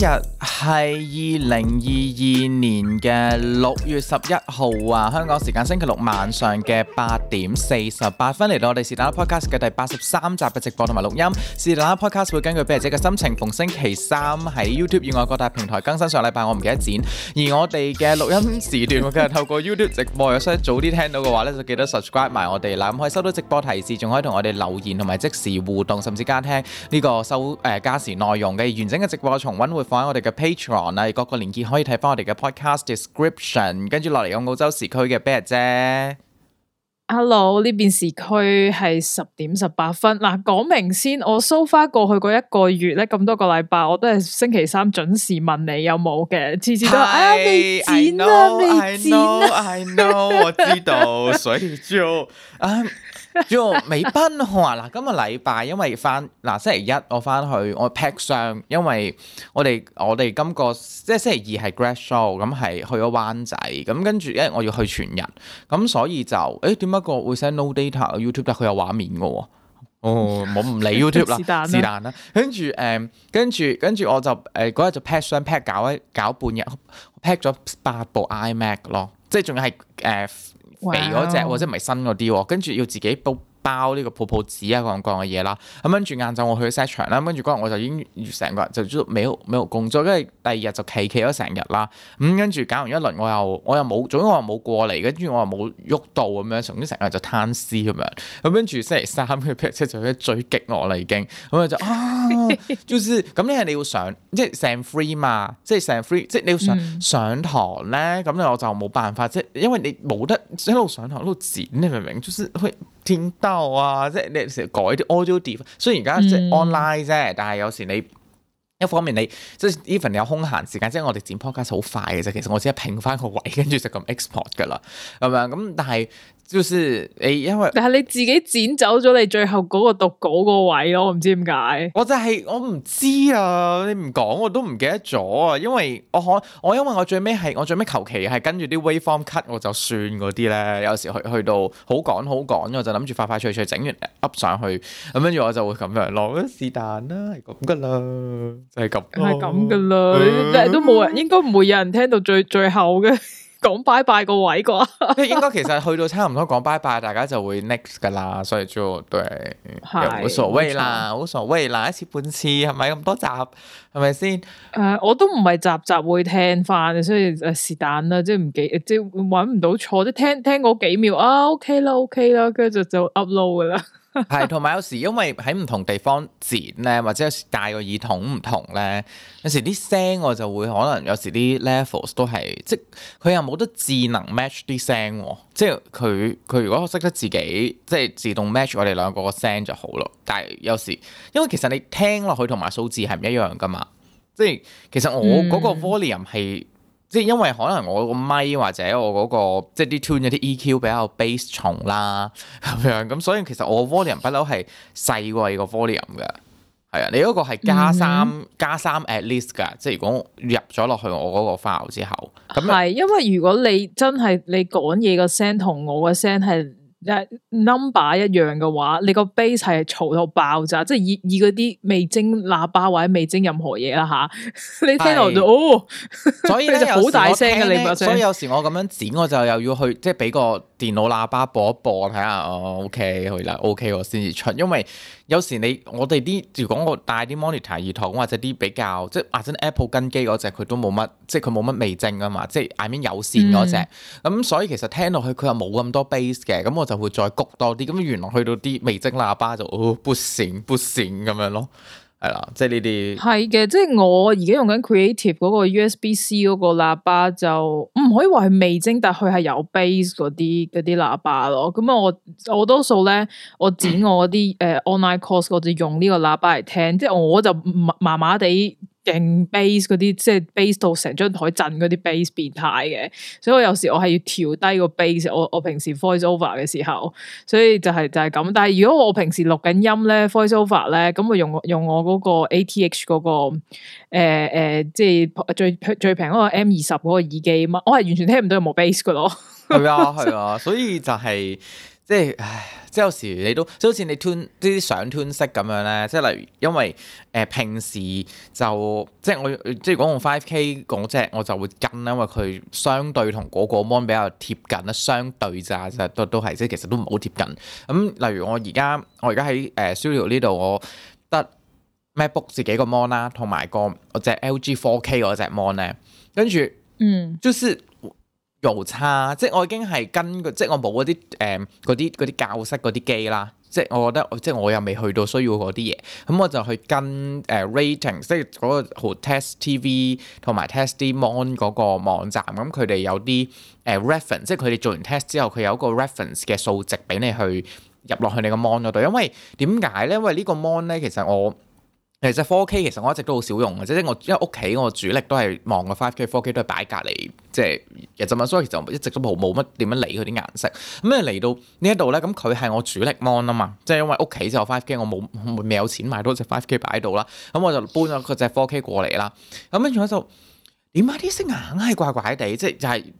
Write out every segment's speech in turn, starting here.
今日係二零二二年嘅六月十一號啊，香港時間星期六晚上嘅八點四十八分嚟到我哋是蛋仔 podcast 嘅第八十三集嘅直播同埋錄音。是蛋仔 podcast 會根據筆者嘅心情逢星期三喺 YouTube 以外各大平台更新。上禮拜我唔記得剪，而我哋嘅錄音時段我哋透過 YouTube 直播，所以早啲聽到嘅話呢就記得 subscribe 埋我哋啦，咁可以收到直播提示，仲可以同我哋留言同埋即時互動，甚至加聽呢個收誒加時內容嘅完整嘅直播重溫會。放喺我哋嘅 Patreon 啊，各個鏈接可以睇翻我哋嘅 Podcast description，跟住落嚟有澳洲時區嘅 Bad 咩啫。Hello，呢邊時區係十點十八分。嗱，講明先，我 so far 過去嗰一個月咧咁多個禮拜，我都係星期三準時問你有冇嘅，次次都係 Hi, 啊未剪啊未剪啊，I know，我知道，所以就啊。Um, 叫 o 美賓， 我話嗱、啊，今日禮拜因為翻嗱、啊、星期一我翻去我 pack 箱，因為我哋我哋今、今個即係星期二係 grad show，咁、嗯、係去咗灣仔，咁、嗯、跟住因為我要去全日，咁、嗯、所以就誒點解個會 send no data YouTube 得、啊、佢有畫面嘅喎？哦，我唔理 YouTube 啦，是但啦。跟住誒、嗯，跟住跟住我就誒嗰日就 pack 箱 pack 搞一搞半日，pack 咗八部 iMac 咯，即係仲係誒。呃肥嗰隻，或者唔係新嗰啲，跟住要自己煲。包呢個泡泡紙啊，各樣各樣嘅嘢啦。咁跟住晏晝我去咗 set 場啦，跟住嗰日我就已經成個人就知道未未工作。跟住第二日就企企咗成日啦。咁、嗯、跟住搞完一輪，我又我又冇，總之我又冇過嚟，跟住我又冇喐到咁樣，總之成日就攤屍咁樣。咁跟住星期三嘅 p 車就咧追極我啦，已經咁就啊，就咁呢係你要上，即係成 free 嘛，即係成 free，即係你要上、嗯、上堂咧。咁咧我就冇辦法，即係因為你冇得一路上堂一路剪，你明唔明？就是啊！即係你成日改啲 audio Diff，雖然而家即係 online 啫，但係有時你一方面你即係 even 你有空閒時間，即係我哋剪 podcast 好快嘅啫。其實我只係拼翻個位，跟住就咁 export 噶啦，咁樣。咁但係。嗯就是誒、哎，因為但係你自己剪走咗你最後嗰個讀稿個位咯，我唔知點解、就是。我就係我唔知啊，你唔講我都唔記得咗啊。因為我可我因為我最尾係我最尾求其係跟住啲 waveform cut 我就算嗰啲咧，有時去去到好趕好趕，我就諗住快快脆脆整完 up 上去，咁跟住我就會咁樣咯、啊。是但啦，係咁噶啦，就係、是、咁、啊，係咁噶啦，啊、但係都冇人，應該唔會有人聽到最最後嘅。講拜拜個位啩，即 係應該其實去到差唔多講拜拜，大家就會 next 噶啦，所以就對，是又冇所謂啦，冇 所謂，嗱一次半次係咪咁多集，係咪先？誒、呃，我都唔係集集會聽翻，所以誒是但啦，即係唔記，即係搵唔到錯，即係聽聽嗰幾秒啊，OK 啦，OK 啦，跟住就就 upload 噶啦。係，同埋 有時因為喺唔同地方剪咧，或者有時戴個耳筒唔同咧，有時啲聲我就會可能有時啲 levels 都係，即佢又冇得智能 match 啲聲，即係佢佢如果識得自己即係自動 match 我哋兩個嘅聲就好咯。但係有時因為其實你聽落去同埋數字係唔一樣噶嘛，即係其實我嗰個 volume 係。嗯即係因為可能我個咪，或者我嗰、嗰個即係啲 tune 一啲 EQ 比較 bass 重啦，咁樣咁，所以其實我 volume 不嬲係細過你個 volume 嘅，係啊，你嗰個係、嗯、加三加三 at least 㗎。即係如果入咗落去我嗰個 file 之後，咁係因為如果你真係你講嘢個聲同我個聲係。誒，number 一樣嘅話，你個 base 係嘈到爆炸，即係以以嗰啲味精喇叭或者味精任何嘢啦吓，你聽到就，哦， 所以 你就好大聲嘅、啊、你聲，所以有時我咁樣剪我就又要去即係俾個電腦喇叭播，播一播睇下，哦，OK，可以啦，OK 我先至出，因為。有時你我哋啲，如果我帶啲 monitor 耳筒，或者啲比較即係話真 Apple 跟機嗰隻，佢都冇乜，即係佢冇乜味精啊嘛，即係眼面有線嗰隻，咁、嗯嗯、所以其實聽落去佢又冇咁多 base 嘅，咁我就會再谷多啲，咁原來去到啲味精喇叭就撥線撥線咁樣咯。係啦、yeah，即係呢啲係嘅，即係我而家用緊 creative 嗰個 USB C 嗰個喇叭就唔可以話係味精，但係佢係有 base 嗰啲啲喇叭咯。咁啊，我我多數咧我剪我啲誒、呃、online course，我就用呢個喇叭嚟聽， 即係我就麻麻麻地。勁 base 嗰啲，即係 base 到成張枱震嗰啲 base 變態嘅，所以我有時我係要調低個 base，我我平時 voice over 嘅時候，所以就係、是、就係、是、咁。但係如果我平時錄緊音咧，voice over 咧，咁我用用我嗰個 ATH 嗰、那個誒誒，即、呃、係、呃、最最平嗰個 M 二十嗰個耳機，我係完全聽唔到有冇 base 噶咯。係啊係啊，啊 所以就係即係，唉。即有時你都即好似你 tune 啲相 tune 色咁樣咧，即例如因為誒、呃、平時就即我即講用 5K 嗰隻我就會跟因為佢相對同嗰個 mon 比較貼近咧，相對咋，其實都都係即其實都唔好貼近。咁、嗯、例如我而家我而家喺誒、呃、Studio 呢度，我得 MacBook 自己、啊、個 mon 啦，同埋個我隻 LG 4K 嗰隻 mon 咧，跟住嗯，就是。嗯誤差，即係我已經係跟，即係我冇嗰啲誒嗰啲嗰啲教室嗰啲機啦，即係我覺得，即係我又未去到需要嗰啲嘢，咁、嗯、我就去跟誒、呃、ratings 即係嗰個 hotest TV 同埋 testmon 嗰個網站，咁佢哋有啲誒、呃、reference，即係佢哋做完 test 之後，佢有一個 reference 嘅數值俾你去入落去你個 mon 嗰度，因為點解咧？因為個呢個 mon 咧，其實我。其實 Four K 其實我一直都好少用嘅，即、就、係、是、我因為屋企我主力都係望個 Five K，Four K 都係擺隔籬，即係其實嘛，所以就一直都冇冇乜點樣理佢啲顏色。咁咧嚟到呢一度咧，咁佢係我主力 mon 啊嘛，即係因為屋企就 Five K，我冇未有錢買多隻 Five K 擺喺度啦，咁、嗯、我就搬咗佢隻 Four K 過嚟啦。咁跟住我就點解啲色硬係怪怪地？即係就係、是、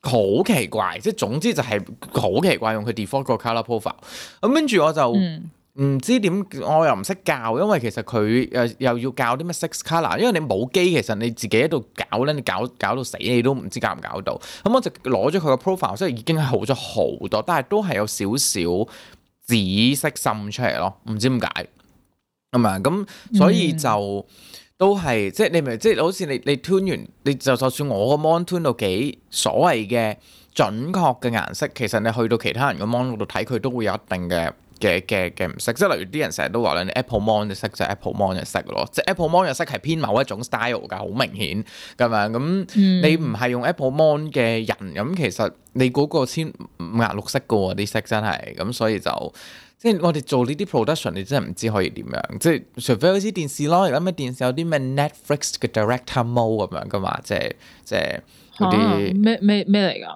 好、就是、奇怪，即、就、係、是、總之就係、是、好奇怪，用佢 default 個 color profile。咁跟住我就。嗯唔知點，我又唔識教，因為其實佢誒又要教啲咩 six color，因為你冇機，其實你自己喺度搞咧，你搞搞到死，你都唔知搞唔搞到。咁、嗯、我就攞咗佢個 profile，所以已經係好咗好多，但係都係有少少紫色滲出嚟咯，唔知點解。咁啊，咁所以就、嗯、都係即係你咪即係好似你你 tune 完，你就就算我個 mon tune 到幾所謂嘅準確嘅顏色，其實你去到其他人個 mon 度睇佢都會有一定嘅。嘅嘅嘅唔識，即係例如啲人成日都話你 Apple Mon 嘅色，就 Apple Mon 嘅色咯，即係 Apple Mon 嘅色係偏某一種 style 噶，好明顯咁樣。咁你唔係用 Apple Mon 嘅人，咁其實你嗰個先五顏六色㗎喎，啲色真係，咁所以就即係我哋做呢啲 production，你真係唔知可以點樣。即係除非好似電視咯，而家咩電視有啲咩 Netflix 嘅 director mode 咁樣㗎嘛，即係即係嗰啲咩咩咩嚟㗎？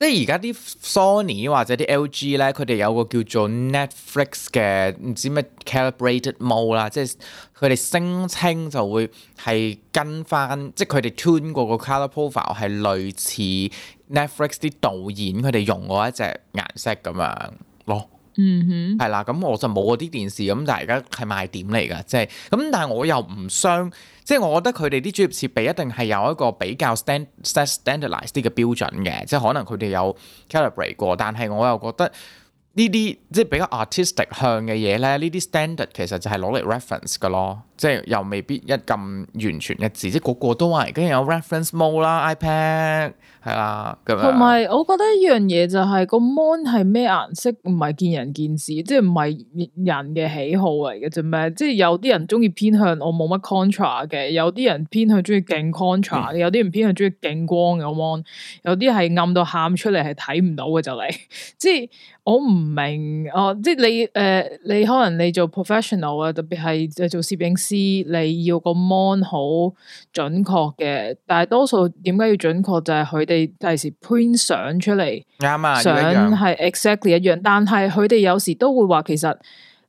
即係而家啲 Sony 或者啲 LG 咧，佢哋有個叫做 Netflix 嘅唔知咩 Calibrated Mode 啦，即係佢哋聲稱就會係跟翻，即係佢哋 tune 過個 Color Profile 係類似 Netflix 啲導演佢哋用嗰一隻顏色咁樣咯。嗯、哦、哼，係、mm hmm. 啦，咁我就冇嗰啲電視，咁但係而家係賣點嚟噶，即係，咁但係我又唔相。即係我覺得佢哋啲專業設備一定係有一個比較 standardise 啲嘅標準嘅，即係可能佢哋有 calibrate 過，但係我又覺得。呢啲即係比較 artistic 向嘅嘢咧，呢啲 standard 其實就係攞嚟 reference 噶咯，即係又未必一咁完全嘅字，即係個個都話梗有 reference mode 啦 iPad 係啦咁樣。同埋我覺得一樣嘢就係個 mon 係咩顏色，唔係見仁見智，即係唔係人嘅喜好嚟嘅啫咩？即係有啲人中意偏向我冇乜 contrast 嘅，有啲人偏向中意勁 contrast 嘅，嗯、有啲人偏向中意勁光嘅 mon，有啲係暗到喊出嚟係睇唔到嘅就嚟，即係。我唔明哦，即係你誒、呃，你可能你做 professional 啊，特別係做攝影師，你要個 mon 好準確嘅。但係多數點解要準確就係佢哋第時 print 相出嚟，啱啊嘛，相係照片 exactly 一樣。但係佢哋有時都會話，其實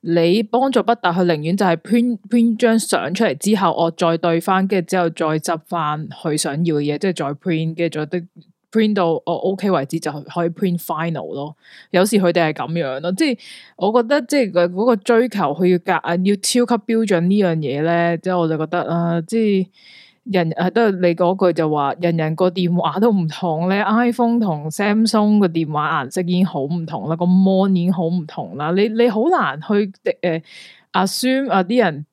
你幫助不大，佢寧願就係 print print 張相出嚟之後，我再對翻，跟住之後再執翻佢想要嘅嘢，即係再 print 跟住再 print 到我 OK 為止就可以 print final 咯，有時佢哋係咁樣咯，即係我覺得即係嗰個追求佢要夾硬要超級標準呢樣嘢咧，即係我就覺得啊，即係人啊都係你嗰句就話人人個電話都唔同咧，iPhone 同 Samsung 個電話顏色已經好唔同啦，個 mon 已經好唔同啦，你你好難去誒 assume 啊啲人。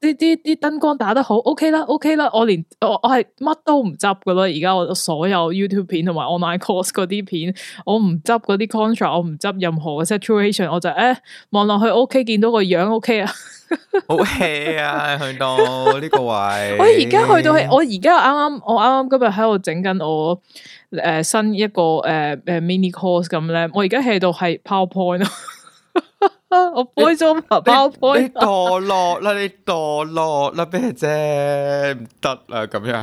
啲啲啲燈光打得好，OK 啦，OK 啦，我連我我係乜都唔執噶咯，而家我所有 YouTube 片同埋 online course 嗰啲片，我唔執嗰啲 contrast，我唔執任何嘅 situation，我就誒望落去 OK，見到個樣 OK 啊，好 hea 啊去到呢個位。 我而家去到我而家啱啱我啱啱今日喺度整緊我誒、呃、新一個誒誒、呃呃、mini course 咁咧，我而家喺到係 PowerPoint 咯。 啊！我背咗包背，你墮落啦！你墮落啦！咩啫？唔得啦！咁樣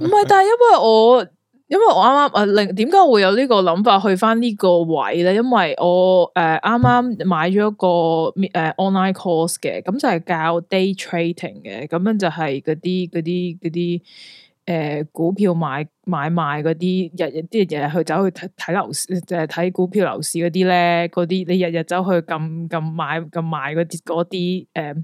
唔係，但係因為我 因為我啱啱誒，另點解會有呢個諗法去翻呢個位咧？因為我誒啱啱買咗一個誒、呃、online course 嘅，咁就係教 day trading 嘅，咁樣就係嗰啲嗰啲嗰啲。誒、呃、股票買買賣嗰啲，日日啲人去走去睇睇樓市，就係睇股票樓市嗰啲咧，嗰啲你日日走去撳撳買撳買嗰啲嗰啲誒嘢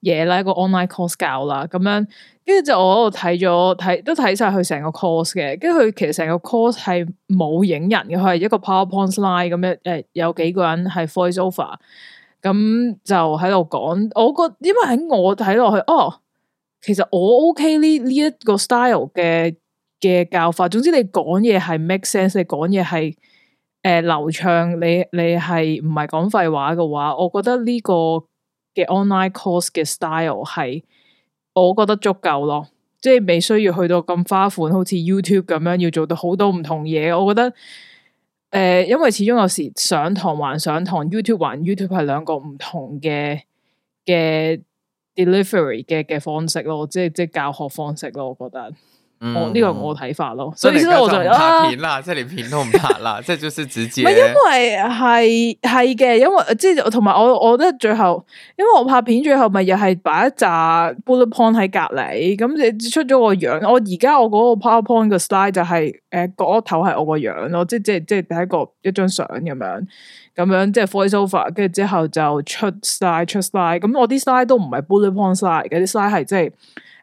咧，呃、啦個 online course 教啦，咁樣跟住就我度睇咗睇都睇晒佢成個 course 嘅，跟住佢其實成個 course 係冇影人嘅，佢係一個 powerpoint slide 咁樣，誒、呃、有幾個人係 voice over，咁就喺度講，我個點解喺我睇落去哦。其實我 OK 呢呢一個 style 嘅嘅教法，總之你講嘢係 make sense，你講嘢係誒流暢，你你係唔係講廢話嘅話，我覺得呢個嘅 online course 嘅 style 係我覺得足夠咯，即係未需要去到咁花款，好似 YouTube 咁樣要做到好多唔同嘢。我覺得誒、呃，因為始終有時上堂還上堂，YouTube 還 YouTube 係兩個唔同嘅嘅。delivery 嘅嘅方式咯，即係即係教學方式咯，我覺得。哦、我呢個我睇法咯，所以所以我就啊，即係連片都唔拍啦，即係 就是直接。唔係，因為係係嘅，因為即係同埋我我覺得最後，因為我拍片最後咪又係擺一紮 bullet point 喺隔籬，咁你出咗個樣。我而家我嗰個 powerpoint 嘅 slide 就係誒，嗰一頭係我個樣咯，即係即係即係第一個一張相咁樣，咁、就、樣、是、即係 voice over，跟住之後就出 slide 出 slide 咁我啲 slide 都唔係 bullet point slide 嘅 sl，啲 slide 係即係。就是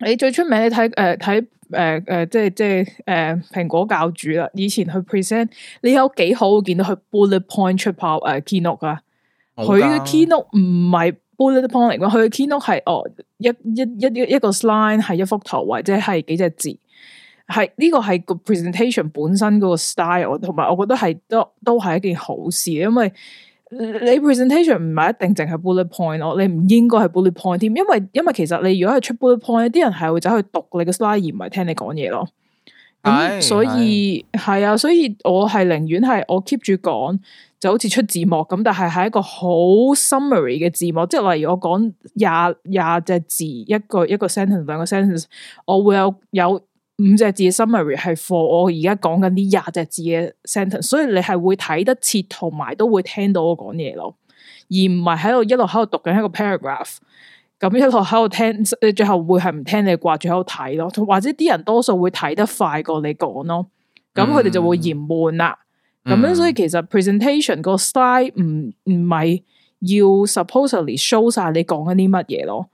你最出名，你睇誒睇誒誒，即係即係誒，蘋果教主啦。以前佢 present，你有幾好我見到佢 bullet point 出泡誒 keynote 啊？佢嘅 keynote 唔係 bullet point 嚟嘅，佢嘅 keynote 係哦一一一一一個 slide 係一幅圖或者係幾隻字，係呢個係個 presentation 本身嗰個 style，同埋我覺得係都都係一件好事，因為。你 presentation 唔係一定淨係 bullet point 咯，你唔應該係 bullet point 添，因為因為其實你如果係出 bullet point，啲人係會走去讀你個 slide 而唔係聽你講嘢咯。咁、嗯、Hey, 所以係 hey. 啊，所以我係寧願係我 keep 住講，就好似出字幕咁，但係係一個好 summary 嘅字幕，即係例如我講廿廿隻字一個一個 sentence，兩個 sentence，我會有有。五隻字嘅 summary 係 for 我而家講緊啲廿隻字嘅 sentence，所以你係會睇得切，同埋都會聽到我講嘢咯，而唔係喺度一路喺度讀緊一個 paragraph，咁一路喺度聽，你最後會係唔聽你掛住喺度睇咯，或者啲人多數會睇得快過你講咯，咁佢哋就會嫌悶啦。咁、嗯嗯、樣所以其實 presentation 個 style 唔唔係要 supposedly show 晒你講緊啲乜嘢咯。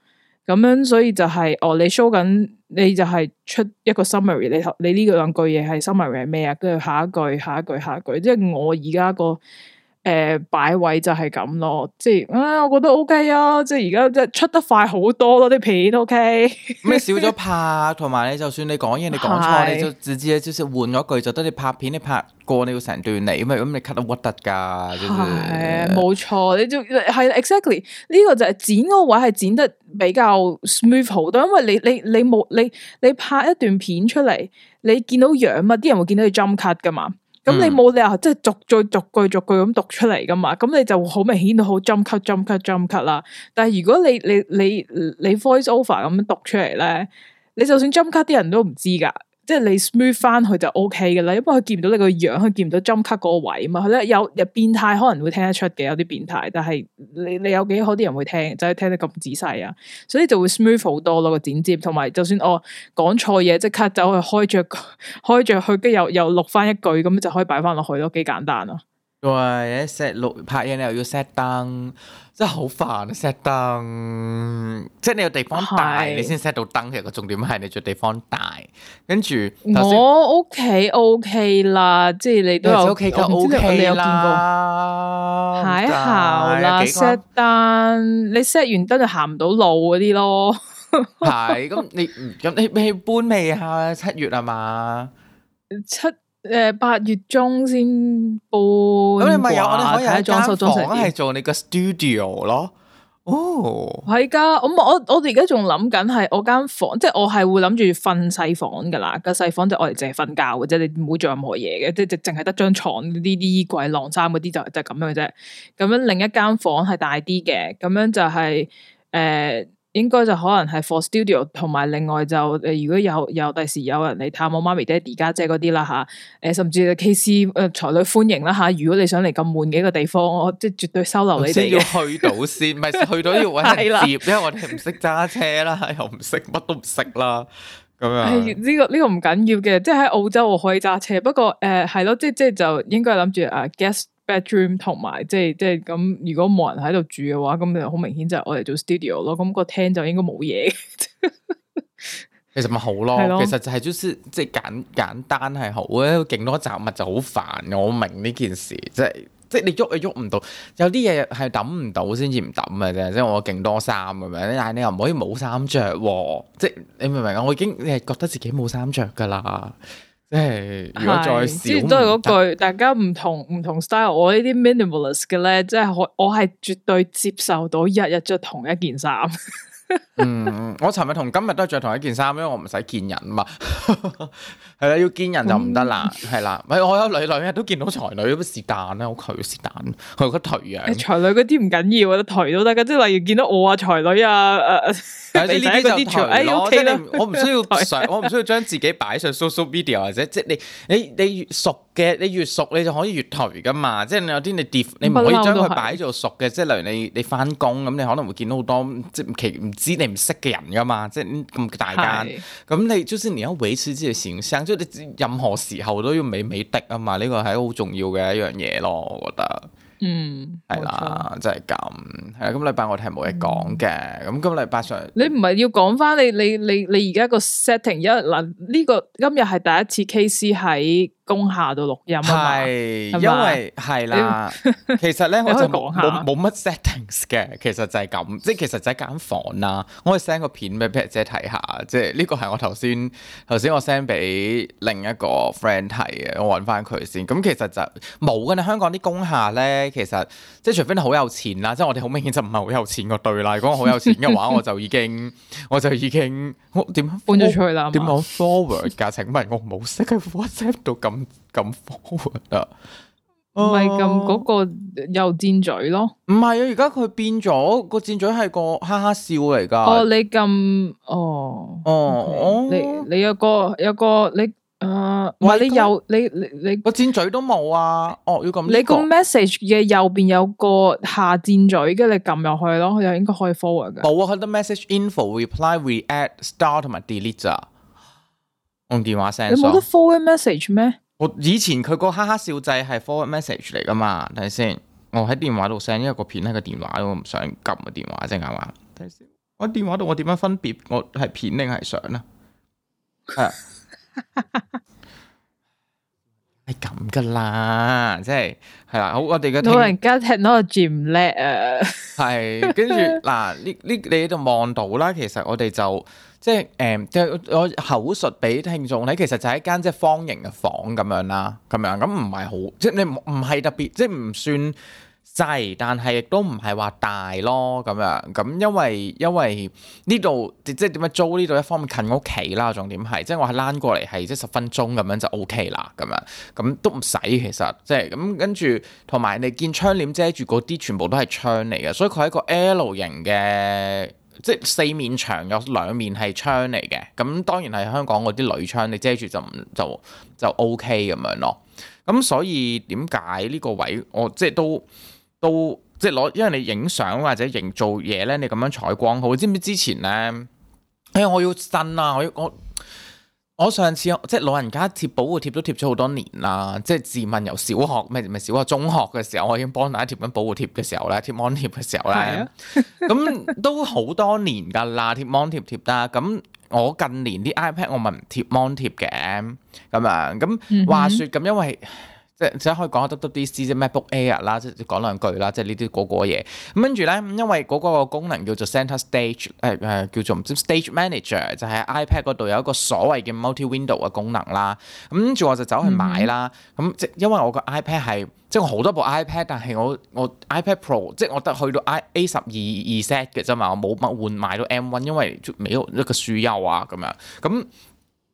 咁樣，所以就係、是，哦，你 show 緊，你就係出一個 summary，你你呢個兩句嘢係 summary 咩啊？跟住下一句、下一句、下一句，即係我而家個。誒、擺、呃、位就係咁咯，即係啊、哎，我覺得 OK 啊，即係而家即係出得快好多咯啲片，OK 咩少咗拍，同埋你就算你講嘢，你講錯，你就直接就是換咗句，就得你拍片，你拍過你要成段嚟，因為咁你 cut 得核突噶，冇、就、錯、是，你就係 exactly 呢個就係剪嗰個位係剪得比較 smooth 好多，因為你你你冇你你，你，你拍一段片出嚟，你見到樣啊，啲人會見到你 jump cut 噶嘛。咁你冇理由即係、就是、逐句逐句逐句咁讀出嚟噶嘛？咁你就好明顯到好 jump cut jump cut jump cut 啦。但係如果你你你你 voice over 咁樣讀出嚟咧，你就算 jump cut 啲人都唔知噶。即係你 smooth 翻佢，就 OK 嘅啦，因為佢見唔到你個樣，佢見唔到 jump cut 嗰個位啊嘛，佢咧有有變態可能會聽得出嘅，有啲變態，但係你你有幾好啲人會聽，就係聽得咁仔細啊，所以就會 smooth 好多咯個剪接，同埋就算我講錯嘢，即刻走去開著開着去，跟又又錄翻一句咁就可以擺翻落去咯，幾簡單啊！喂，一 set 錄拍嘢，你又要 set 燈，真係好煩啊！set 燈，即係你有地方大，你先 set 到燈。其實個重點係你着地方大，跟住我屋企 OK 啦，即係你都有屋企夠 OK 啦，係好啦，set 燈，你 set 完燈就行唔到路嗰啲咯，係咁你咁你你搬未啊？七月啊嘛，七。誒，八、呃、月中先搬。咁你唔係啊？我睇間裝修房係做你個 studio 咯。哦，係㗎，咁我我我我哋而家仲諗緊係我間房，即係我係會諗住瞓細房噶啦。個細房就我哋淨係瞓覺或者你唔好做任何嘢嘅，即係淨係得張床呢啲衣櫃晾衫嗰啲就就係、咁樣嘅啫。咁樣另一間房係大啲嘅，咁樣就係、係、誒。呃應該就可能係 For Studio，同埋另外就誒，如果有有第時有人嚟探望我媽咪、爹哋、家姐嗰啲啦吓，誒甚至 KC 誒、呃、才女歡迎啦吓，如果你想嚟咁悶嘅一個地方，我即係絕對收留你哋，即先要去到先，唔係 去到要搵人接， 了因為我哋唔識揸車啦，又唔識乜都唔識啦，咁樣。呢、哎這個呢、這個唔緊要嘅，即係喺澳洲我可以揸車，不過誒係咯，即係即係就應該諗住啊 guest。Uh, gu bedroom 同埋即係即係咁，如果冇人喺度住嘅話，咁你好明顯就係我哋做 studio 咯。咁，那個廳就應該冇嘢。 其實咪好咯，咯其實就係、就是、即係簡簡，簡單係好咧。勁多雜物就好煩，我明呢件事，即係即係你喐又喐唔到，有啲嘢係抌唔到先至唔抌嘅啫。即係我勁多衫咁樣，但係你又唔可以冇衫着，即係你明唔明啊？我已經係覺得自己冇衫着噶啦。誒，如果再少即係，都係嗰句，大家唔同唔同 style 我，即係我。我呢啲 minimalist 嘅咧，即係我我係絕對接受到日日着同一件衫。 嗯，我尋日同今日都係着同一件衫，因為我唔使見人嘛，係啦，要見人就唔得啦，係啦， 咪我有女女都見到才女，咁是但啦，好佢是但，佢個頹樣。才女嗰啲唔緊要，我覺得頹都得噶，即係例如見到我啊，才女啊，誒， 你呢啲就 O K 啦，我唔需要上， 我唔需要將自己擺上 social media 或者即係你你你，你熟。你越熟你就可以越頹噶嘛，即係你有啲你跌，你唔可以將佢擺做熟嘅，即係例如你你翻工咁，你可能會見到好多即其唔知你唔識嘅人噶嘛，即係咁大間，咁是你就算你要維持住形象，即係你任何時候都要美美的啊嘛，呢、這個係好重要嘅一樣嘢咯，我覺得，嗯，係啦，即係咁，係啊，今禮拜我哋係冇嘢講嘅，咁、嗯、今日禮拜上你唔係要講翻你你你你而家、這個 setting 一嗱呢個今日係第一次 KC 喺。工下到錄音啊，是因為係啦，其實咧我就冇冇乜 settings 嘅，其實就係咁，即係其實就係間房啦。我可以 send 個片俾 Pat 姐睇下，即係呢個係我頭先頭先我 send 俾另一個 friend 睇嘅，我揾翻佢先。咁其實就冇嘅，你香港啲工廈咧，其實即係除非你好有錢啦，即係我哋好明顯就唔係好有錢個對啦。 如果我好有錢嘅話，我就已經我就已經我點樣搬咗出去啦？點講 forward 噶？ 請問我冇識喺 WhatsApp 到咁。 咁 forward 啊？唔係撳嗰個右箭嘴咯？唔係啊，而家佢變咗個箭嘴係個哈哈笑嚟噶、oh。哦，你撳哦哦，你你有個有個你、呃、哇有啊？唔、oh, 這個、你右你你你，我箭嘴都冇啊。哦，要撳你個 message 嘅右邊有個下箭嘴，跟住你撳入去咯，佢就應該可以 forward 嘅。冇啊，佢得 message info reply react start 同埋 delete 啊。Star, del er, 用電話聲，你冇得 forward message 咩？我以前佢個哈哈笑仔係 forward message 嚟噶嘛？睇先，我喺電話度 send 一個片喺個電話看看，我唔想撳個電話，即係嘛？睇先，我喺電話度，我點樣分別我係片定係相咧？係，係咁噶啦，即係係啦。好，我哋嘅老人家聽到個勁叻啊，係跟住嗱呢呢，你喺度望到啦。其實我哋就。即係誒，即係我口述俾聽眾睇，其實就係一間即係方形嘅房咁樣啦，咁樣咁唔係好，即係你唔唔係特別，即係唔算細，但係亦都唔係話大咯咁樣。咁因為因為呢度即係點樣租呢度，一方面近屋企啦，重點係、就是、即係我係躝過嚟係即十分鐘咁樣就 O K 啦咁樣，咁都唔使其實即係咁跟住，同埋你見窗簾遮住嗰啲全部都係窗嚟嘅，所以佢係一個 L 型嘅。即係四面牆有兩面係窗嚟嘅，咁當然係香港嗰啲鋁窗，你遮住就唔就就 OK 咁樣咯。咁所以點解呢個位我即係都都即係攞，因為你影相或者營造嘢咧，你咁樣採光好。知唔知之前咧？哎呀，我要震啊！我要我。我上次即係老人家貼保護貼都貼咗好多年啦，即係自問由小學咩唔係小學，中學嘅時候，我已經幫大家貼緊保護貼嘅時候咧，貼芒貼嘅時候咧，咁 都好多年㗎啦，貼芒貼貼啦。咁我近年啲 iPad 我咪唔貼芒貼嘅，咁樣，咁話説咁，因為。 即，即可以講下 WDC 即 MacBook Air 啦，即係講兩句啦，即、那、係、個、呢啲個個嘢。跟住咧，因為嗰個功能叫做 Center Stage，誒、呃、誒叫做唔知 Stage Manager，就係 iPad 度有一個所謂嘅 Multi Window 嘅功能啦。咁跟住我就走去買啦。咁即、嗯、因為我個 iPad 係，即係我好多部 iPad，但係我我 iPad Pro，即係我得去到 iA 十二二 set 嘅啫嘛，我冇乜換買，買到 M One，因為未一個暑假啊咁樣咁。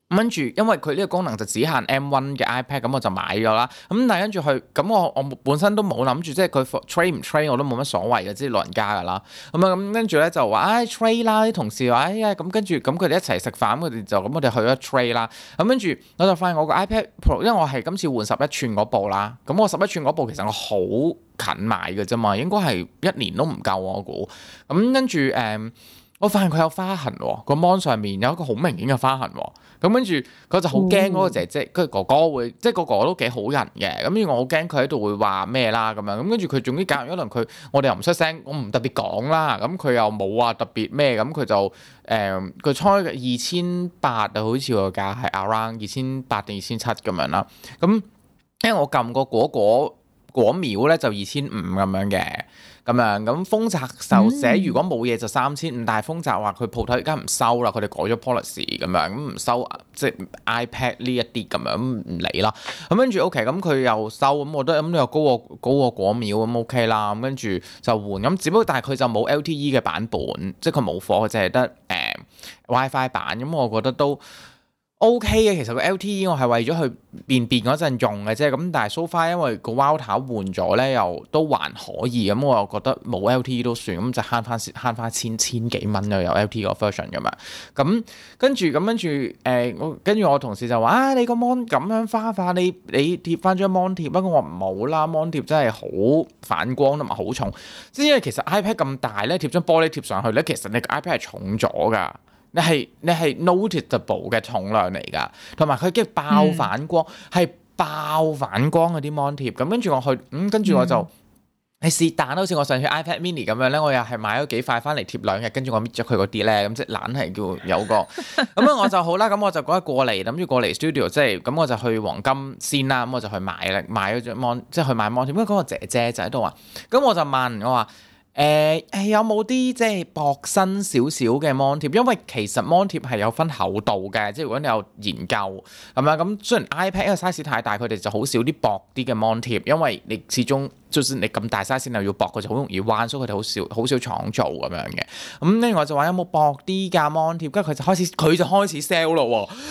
跟住，因為佢呢個功能就只限 M1 嘅 iPad，咁、嗯、我就買咗啦。咁、嗯、但係跟住去，咁、嗯、我我本身都冇諗住，即係佢 train 唔 train 我都冇乜所謂嘅，即係老人家噶、嗯哎、啦。咁啊，咁、哎嗯、跟住咧、嗯、就話唉、嗯、train 啦，啲同事話哎呀，咁跟住咁佢哋一齊食飯，佢哋就咁我哋去咗 train 啦。咁跟住我就發現我個 iPad Pro，因為我係今次換十一寸嗰部啦。咁、嗯、我十一寸嗰部其實我好近買嘅啫嘛，應該係一年都唔夠我估。咁、嗯、跟住誒。嗯我發現佢有花痕、哦，個 mon 上面有一個好明顯嘅花痕、哦，咁跟住佢就好驚嗰個姐姐，跟住、嗯、哥哥會，即係哥哥都幾好人嘅，咁跟住我好驚佢喺度會話咩啦咁樣，咁跟住佢總之隔咗一輪，佢我哋又唔出聲，我唔特別講啦，咁佢又冇話特別咩，咁佢就誒佢初二千八啊，嗯、00, 好似個價係 around 二千八定二千七咁樣啦，咁因為我撳個果果果秒咧就二千五咁樣嘅。咁樣咁豐澤售寫，嗯、如果冇嘢就三千五，但係豐澤話佢鋪頭而家唔收啦，佢哋改咗 policy 咁樣，咁唔收即 iPad 呢一啲咁樣唔理啦。咁跟住 OK，咁佢又收，咁我覺得咁又高過高過果秒咁 OK 啦。咁跟住就換，咁只不過但係佢就冇 LTE 嘅版本，即係佢冇火，佢淨係得誒、呃、WiFi 版。咁、嗯、我覺得都。O K 嘅，其實個 L T E 我係為咗去便便嗰陣用嘅啫，咁但係 so far 因為個外殼換咗咧，又都還可以，咁我又覺得冇 L T E 都算，咁就慳翻慳翻千千幾蚊咯，有 L T E 嗰 version 咁樣，咁跟住咁跟住，誒、欸，跟我跟住我同事就話啊，你個 mon 咁樣花化，你你貼翻張 mon 貼，不過我唔好啦，mon 貼真係好反光同埋好重，即係其實 iPad 咁大咧，貼張玻璃貼上去咧，其實你個 iPad 係重咗噶。你係你係 noticeable 嘅重量嚟㗎，同埋佢嘅爆反光係、嗯、爆反光嗰啲 mon 貼，咁跟住我去，咁、嗯、跟住我就係是但啦，好似、嗯、我上次 iPad mini 咁樣咧，我又係買咗幾塊翻嚟貼兩日，跟住我搣咗佢嗰啲咧，咁即係懶係叫有個，咁樣 我就好啦，咁我就嗰日過嚟，諗住過嚟 studio，即係咁我就去黃金先啦，咁我就去買啦，買咗張 mon，即係去買 mon 貼，咁、那、嗰個姐姐就喺度話，咁我就問我話。誒誒、欸、有冇啲即係薄身少少嘅 mon 貼？因為其實 mon 貼係有分厚度嘅，即係如果你有研究係咪？咁雖然 iPad 因為 size 太大，佢哋就好少啲薄啲嘅 mon 貼，因為你始終就算你咁大 size，你又要薄，佢就好容易彎，所以佢哋好少好少廠做咁樣嘅。咁另外就話有冇薄啲㗎 mon 貼？跟住佢就開始佢就開始 sell 咯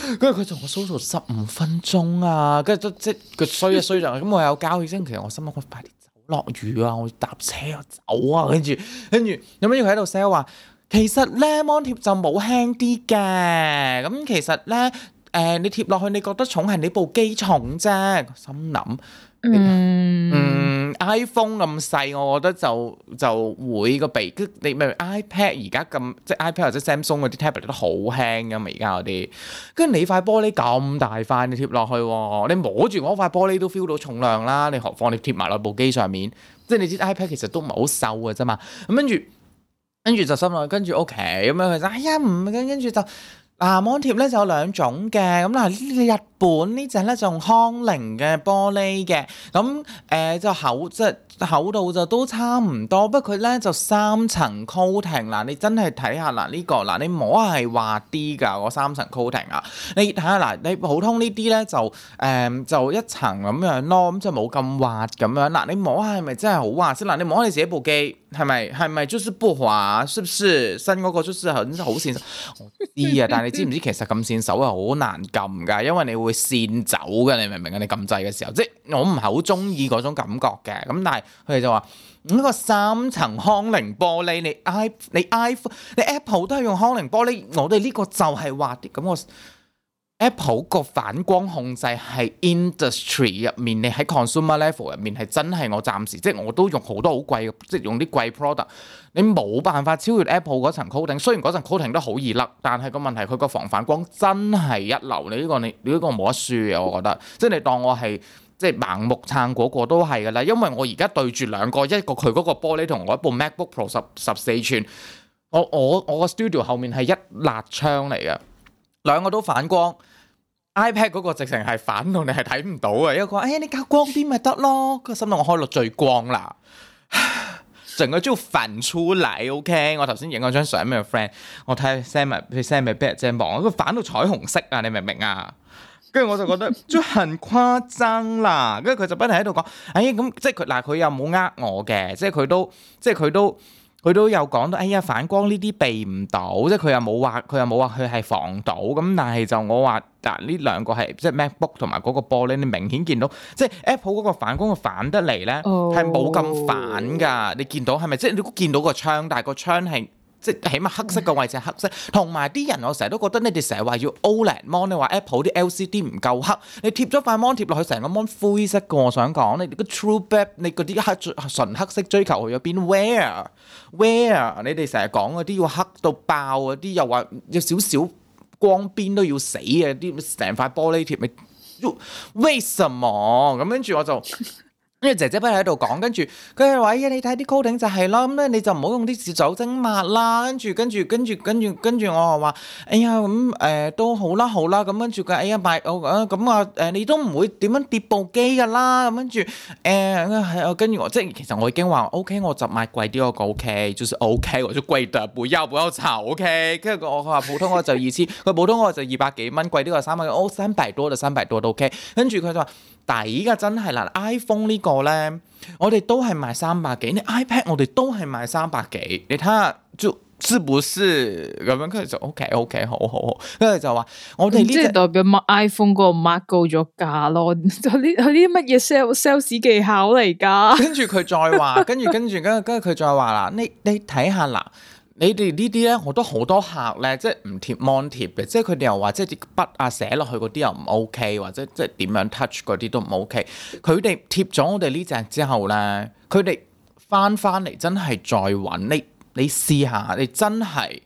喎，跟住佢就我 search 十五分鐘啊，跟住都即佢衰一衰就咁。壞了壞了，我有交起身，其實我心諗快啲。落雨啊！我搭車啊，走啊！跟住跟住，咁樣佢喺度寫話，其實咧，芒貼就冇輕啲嘅。咁其實咧，誒、呃，你貼落去，你覺得重係你部機重啫。心諗。 嗯，iPhone 咁細，我覺得就就會個鼻，你咪 iPad 而家咁，即係 iPad 或者 Samsung 嗰啲 tablet 都好輕噶嘛，而家嗰啲，跟住你塊玻璃咁大塊，你貼落去，你摸住嗰塊玻璃都 feel 到重量啦，你何況你貼埋落部機上面，即係你知 iPad 其實都唔係好瘦嘅啫嘛，咁跟住跟住就心落跟住 OK 咁樣，佢就哎呀，唔跟跟住就藍光貼咧就有兩種嘅，咁嗱呢日。本隻呢隻咧就用康寧嘅玻璃嘅，咁、嗯、誒、呃、就厚即厚度就都差唔多，不過佢咧就三層 coating 啦。你真係睇下嗱呢、這個嗱，你摸係滑啲㗎，我三層 coating 啊。你睇下嗱，你普通呢啲咧就誒、呃、就一層咁樣咯，咁就冇咁滑咁樣。嗱，你摸係咪真係好滑先？嗱，你摸你自己部機係咪係咪 j u just 不滑？是不是新嗰個 just 很好線？ 我知啊，但係你知唔知其實咁線手係好難撳㗎，因為你會。線走嘅，你明唔明啊？你撳掣嘅時候，即係我唔係好中意嗰種感覺嘅。咁但係佢哋就話：呢個三層康寧玻璃，你 i 你 iPhone 你，你 Apple 都係用康寧玻璃。我哋呢個就係滑啲。咁我。Apple 個反光控制係 industry 入面，你喺 consumer level 入面係真係我暫時，即係我都用好多好貴嘅，即係用啲貴 product，你冇辦法超越 Apple 嗰層 coating。雖然嗰層 coating 都好易甩，但係個問題，佢個防反光真係一流。你呢個你呢個冇得輸嘅，我覺得。即係你當我係即係盲目撐嗰個都係噶啦，因為我而家對住兩個，一個佢嗰個玻璃同我一部 MacBook Pro 十十四寸，我我我個 studio 後面係一粒窗嚟嘅。兩個都反光，iPad 嗰個直情係反到你係睇唔到啊！因為佢話，哎，呀，你校光啲咪得咯？佢心諗我開到最光啦，成個都要反出來。OK，我頭先影咗張相俾個 friend，我睇下 send 佢 send 埋 back 望，佢反到彩虹色啊！你明唔明啊？跟住我就覺得即係很誇張啦。跟住佢就不停喺度講，哎，咁即係佢嗱，佢又冇呃我嘅，即係佢都，即係佢都。佢都有講到，哎呀，反光呢啲避唔到，即係佢又冇話，佢又冇話佢係防到咁。但係就我話嗱，呢兩個係即係 MacBook 同埋嗰個玻璃，你明顯見到，即係 Apple 嗰個反光，佢反得嚟咧，係冇咁反㗎。你見到係咪？即係你見到個窗，但係個窗係。即係起碼黑色嘅位置係黑色，同埋啲人我成日都覺得你哋成日話要 OLED mon，你話 Apple 啲 LCD 唔夠黑，你貼咗塊 mon 貼落去成個 mon 灰色嘅，我想講你個 True Black 你嗰啲黑純黑色追求去咗邊？Where？Where？你哋成日講嗰啲要黑到爆嗰啲，又話有少少光邊都要死呀，啲成塊玻璃貼咪？為什麼咁跟住我就？ 跟住姐姐不喺度講，跟住佢係話，依、哎、家你睇啲 coating 就係咯，咁、嗯、咧你就唔好用啲酒精抹啦，跟住跟住跟住跟住跟住，我話，哎呀咁，誒、嗯呃、都好啦好啦，咁跟住佢：「哎呀買，我咁啊，誒你都唔會點樣跌部機噶啦，咁、嗯嗯嗯、跟住，誒跟住我。即係其實我已經話，O K，我就買貴啲個，O K，就是 O K，或者貴啲啊，唔憂唔憂愁，O K，跟住我佢話普通話就二千，佢普通話就二百幾蚊，貴啲就三百，哦三百多就三百多都 O K，跟住佢就話。底㗎真係啦，iPhone 個呢個咧，我哋都係賣三百幾，你 iPad 我哋都係賣三百幾，你睇下，就是不是咁樣？跟住就 OK OK，好好好，售售跟，跟住就話我哋呢，即代表賣 iPhone 嗰個 mark 高咗價咯，佢啲啲乜嘢 sales sales 技巧嚟噶？跟住佢再話，跟住跟住跟住佢再話啦，你你睇下啦。你哋呢啲咧，我都好多客咧，即係唔貼 mon 貼嘅，即係佢哋又話，即係啲筆啊寫落去嗰啲又唔 OK，或者即係點樣 touch 嗰啲都唔 OK。佢哋貼咗我哋呢隻之後咧，佢哋翻翻嚟真係再搵你，你試下，你真係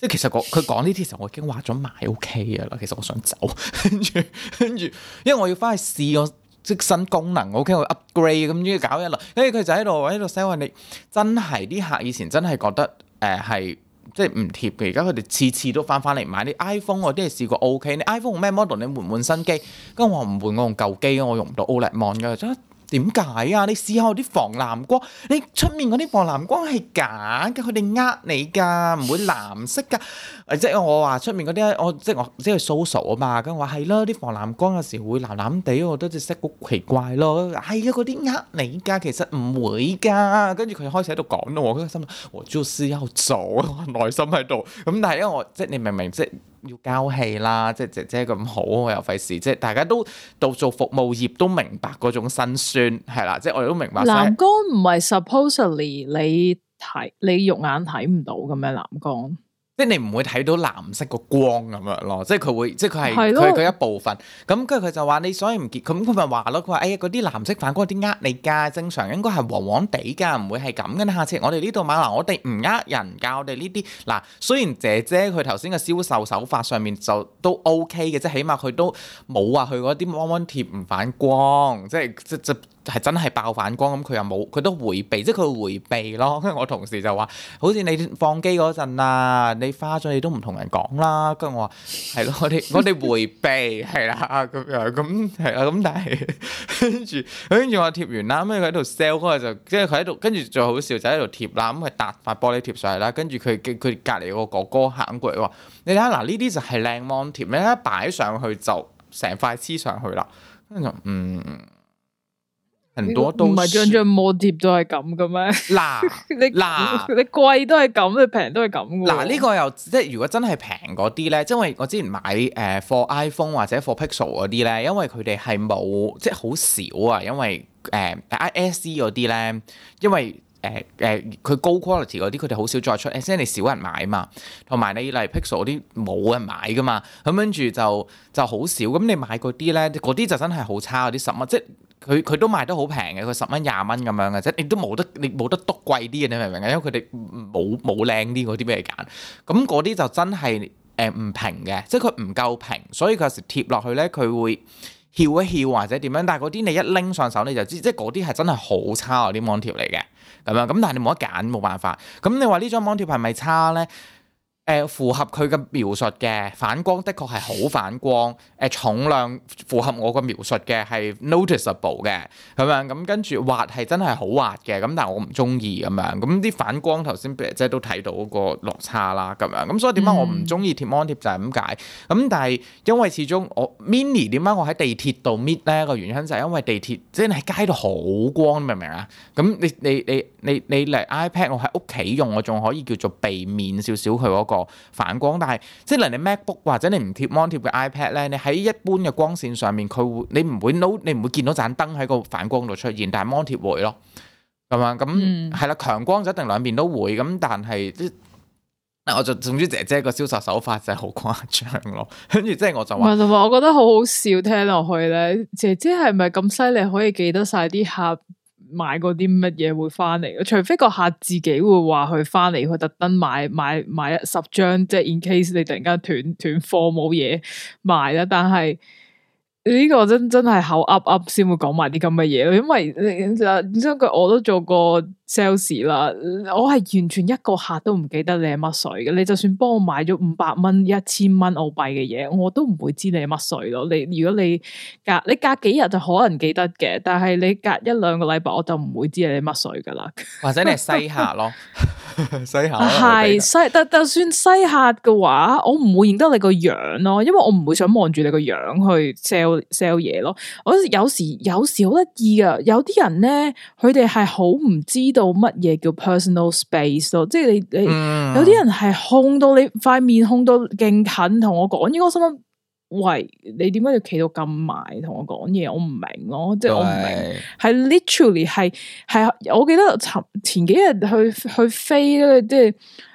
即係其實佢講呢啲時候，我已經話咗埋 OK 㗎喇。其實我想走，跟住跟住，因為我要翻去試我即新功能 OK，我 upgrade 咁要搞一輪，跟住佢就喺度喺度寫話你真係啲客以前真係覺得。誒係、呃、即係唔貼嘅，而家佢哋次次都翻翻嚟買啲 iPhone，我都係試過 OK 你 el, 你換換。你 iPhone 咩 model，你換唔換新機？咁我唔換，我用舊機，我用唔到 OLED mon 㗎。點解啊？你試下我啲防藍光，你出面嗰啲防藍光係假㗎，佢哋呃你㗎，唔會藍色㗎、呃。即係我話出面嗰啲，我即係我即係掃熟啊嘛。咁我話係咯，啲、哎、防藍光有時會藍藍地，我覺得隻色好奇怪咯。係、哎、啊，嗰啲呃你㗎，其實唔會㗎。跟住佢開始喺度講咯，我心，我就是要做，我內心喺度。咁、嗯、但係因為我即係你明唔明即要交戲啦，即係姐姐咁好，我又費事。即係大家都到做服務業都明白嗰種辛酸，係啦。即係我哋都明白藍。藍光唔係 supposedly 你睇你肉眼睇唔到咁樣藍光。即係你唔會睇到藍色個光咁樣咯，即係佢會，即係佢係佢佢一部分。咁跟住佢就話你所以唔見，咁佢咪話咯，佢話哎呀嗰啲藍色反光啲呃你噶，正常應該係黃黃地噶，唔會係咁嘅。下次我哋呢度買嗱，我哋唔呃人噶，我哋呢啲嗱，雖然姐姐佢頭先嘅銷售手法上面就都 OK 嘅，即係起碼佢都冇話佢嗰啲黃黃貼唔反光，即係即即。即係真係爆反光咁，佢又冇，佢都回避，即係佢回避咯。我同事就話：，好似你放機嗰陣啊，你花咗你都唔同人講啦。跟住我話：，係咯，我哋我哋回避，係啦，咁又咁係啦，咁但係跟住，跟 住我貼完啦，咁佢喺度 sell 嗰個，就即係佢喺度，跟住最好笑就喺度貼啦，咁佢搭塊玻璃貼上去啦，跟住佢佢隔離個哥哥行過嚟話：，你睇下嗱，呢啲就係靚芒貼，一擺上去就成塊黐上去啦。跟住嗯。唔係張張摩貼都係咁嘅咩？嗱，你嗱，你貴都係咁，你平都係咁，嗱，呢、呢個又即係如果真係平嗰啲咧，即係我之前買誒、呃、for iPhone 或者 for Pixel 嗰啲咧，因為佢哋係冇即係好少啊。因為誒，SE 嗰啲咧，因為誒誒，佢、呃呃、高 quality 嗰啲，佢哋好少再出，誒即係你少人買嘛。同埋你例如 Pixel 嗰啲冇人買噶嘛，咁跟住就就好少。咁你買嗰啲咧，嗰啲就真係好差嗰啲十蚊，即係。佢佢都賣得好平嘅，佢十蚊廿蚊咁樣嘅啫，你都冇得你冇得篤貴啲嘅，你明唔明啊？因為佢哋冇冇靚啲嗰啲俾你揀，咁嗰啲就真係誒唔平嘅，即係佢唔夠平，所以佢有時貼落去咧，佢會翹一翹或者點樣，但係嗰啲你一拎上手你就知，即係嗰啲係真係好差啊啲網貼嚟嘅，咁樣咁但係你冇得揀，冇辦法。咁你話呢張網貼係咪差咧？誒、呃，符合佢嘅描述嘅反光的確係好反光，誒、呃、重量符合我嘅描述嘅係 noticeable 嘅咁樣，咁跟住滑係真係好滑嘅，咁但係我唔中意咁樣，咁啲反光頭先即係都睇到個落差啦，咁樣咁所以點解我唔中意貼 Mon 貼就係咁解，咁、嗯嗯、但係因為始終我 Mini 點解我喺地鐵度搣咧個原因就係因為地鐵即係喺街度好光，明唔明啊？咁你你你你你嚟 iPad 我喺屋企用我仲可以叫做避免少少佢、嗰個。反光，但係即係你 MacBook 或者你唔貼 Mon 貼嘅 iPad 咧，你喺一般嘅光線上面，佢會你唔會 n 你唔會見到盞燈喺個反光度出現，但係 Mon 貼會咯，咁樣，咁係啦，強、嗯、光就一定兩邊都會，咁但係啲，我就總之姐姐個銷售手法就係好誇張咯。跟住即係我就話，我就話我覺得好好笑，聽落去咧，姐姐係咪咁犀利可以記得曬啲客？買嗰啲乜嘢會翻嚟？除非個客自己會話去翻嚟，佢特登買買買十張，即係、就是、in case 你突然間斷斷貨冇嘢賣啦。但係。呢個真真係靠 up up 先會講埋啲咁嘅嘢，因為你真嘅我都做過 sales 啦，我係完全一個客都唔記得你係乜水嘅，你就算幫我買咗五百蚊、一千蚊澳幣嘅嘢，我都唔會知你係乜水咯。你如果你隔你隔幾日就可能記得嘅，但係你隔一兩個禮拜我就唔會知你係乜水噶啦。或者你係西客咯。 西客係、啊、是西，就就算西客嘅話，我唔會認得你個樣咯，因為我唔會想望住你個樣去 sell sell 嘢咯。我有時有時好得意啊，有啲人咧，佢哋係好唔知道乜嘢叫 personal space 咯，即係你你、嗯、有啲人係控到你塊面控到勁近，同我講，我依個心諗喂，你點解要企到咁埋同我講嘢？我唔明咯，即係我唔明，係對 literally 係係。我記得前前幾日去去飛咧，即係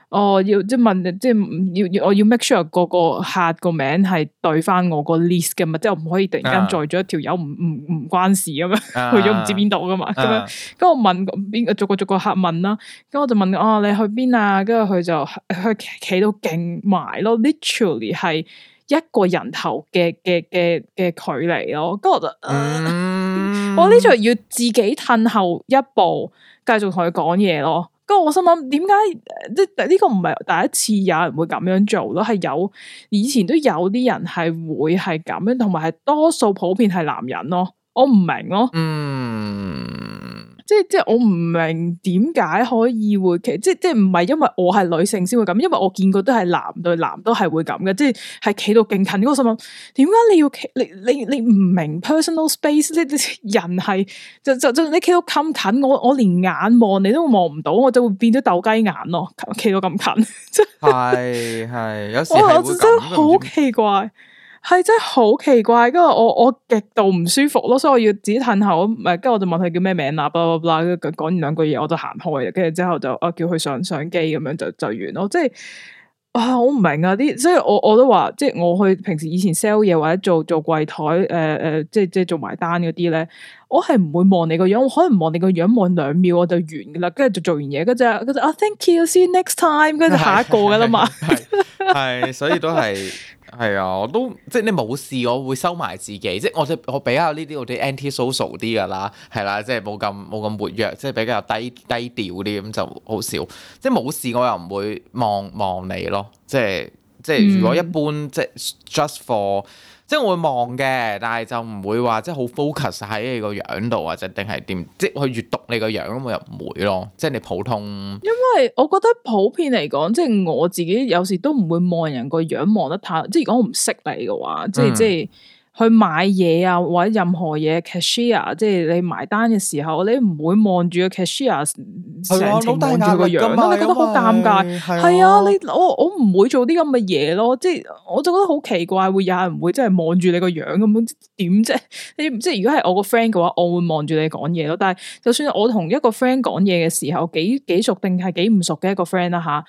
哦要即係問，即係要我要 make sure 個個客個名係對返我個 list 嘅嘛，即係我唔可以突然間載咗一條友唔唔唔關事咁樣去咗唔知邊度噶嘛，咁樣。跟、uh huh. 我問邊逐個逐個客問啦，跟我就問哦，你去邊啊？跟住佢就佢企企到勁埋咯，literally 係。Liter 一個人頭嘅嘅嘅嘅距離咯，咁我就，呃嗯、我呢就要自己褪後一步，繼續同佢講嘢咯。咁我心諗，點解即呢個唔係第一次有人會咁樣做咯？係有以前都有啲人係會係咁樣，同埋係多數普遍係男人咯，我唔明咯。嗯。即係即係我唔明點解可以會企，即係即係唔係因為我係女性先會咁，因為我見過都係男對男都係會咁嘅，即係係企到勁近，我心諗，點解你要企你你你唔明 personal space？你你人係就就就你企到咁近，我我連眼望你都望唔到，我就會變咗鬥雞眼咯，企到咁近。係 係有時係會好奇怪。係真係好奇怪，因為我我極度唔舒服咯，所以我要自己褪後，唔係跟住我就問佢叫咩名啦，blah blah blah 講完兩句嘢，我就行開啦。跟住之後就啊，叫佢上,上相機咁樣就就完咯。即係啊，我唔明啊啲，所以我我都話，即係我去平時以前 sell 嘢或者做做櫃台，誒、呃、誒、呃，即係即係做埋單嗰啲咧，我係唔會望你個樣，我可能望你個樣望兩秒我就完噶啦，跟住就做完嘢，嗰隻嗰隻啊，thank you，see you next time，跟住下一個噶啦嘛，係所以都係。係啊，我都即係你冇事，我會收埋自己，即係我我比較呢啲我哋 anti-social 啲㗎啦，係啦、啊，即係冇咁冇咁活躍，即係比較低低調啲咁就好少，即係冇事我又唔會望望你咯，即係即係如果一般、嗯、即係 just for。即係我會望嘅，但係就唔會話即係好 focus 喺你個樣度或者定係點，即係去閱讀你個樣，我又唔會咯。即係你普通。因為我覺得普遍嚟講，即係我自己有時都唔會望人個樣望得太，即係如果我唔識你嘅話，即係即係。嗯去買嘢啊，或者任何嘢 cashier，即係你埋單嘅時候，你唔會望住個 cashier 成吧程望住個樣，啊，你覺得好尷尬？係啊，嗯、你我我唔會做啲咁嘅嘢咯，即係我就覺得好奇怪，會有人唔會真係望住你個樣咁點啫？你 即係如果係我個 friend 嘅話，我會望住你講嘢咯。但係就算我同一個 friend 講嘢嘅時候，幾幾熟定係幾唔熟嘅一個 friend 啦、啊，吓。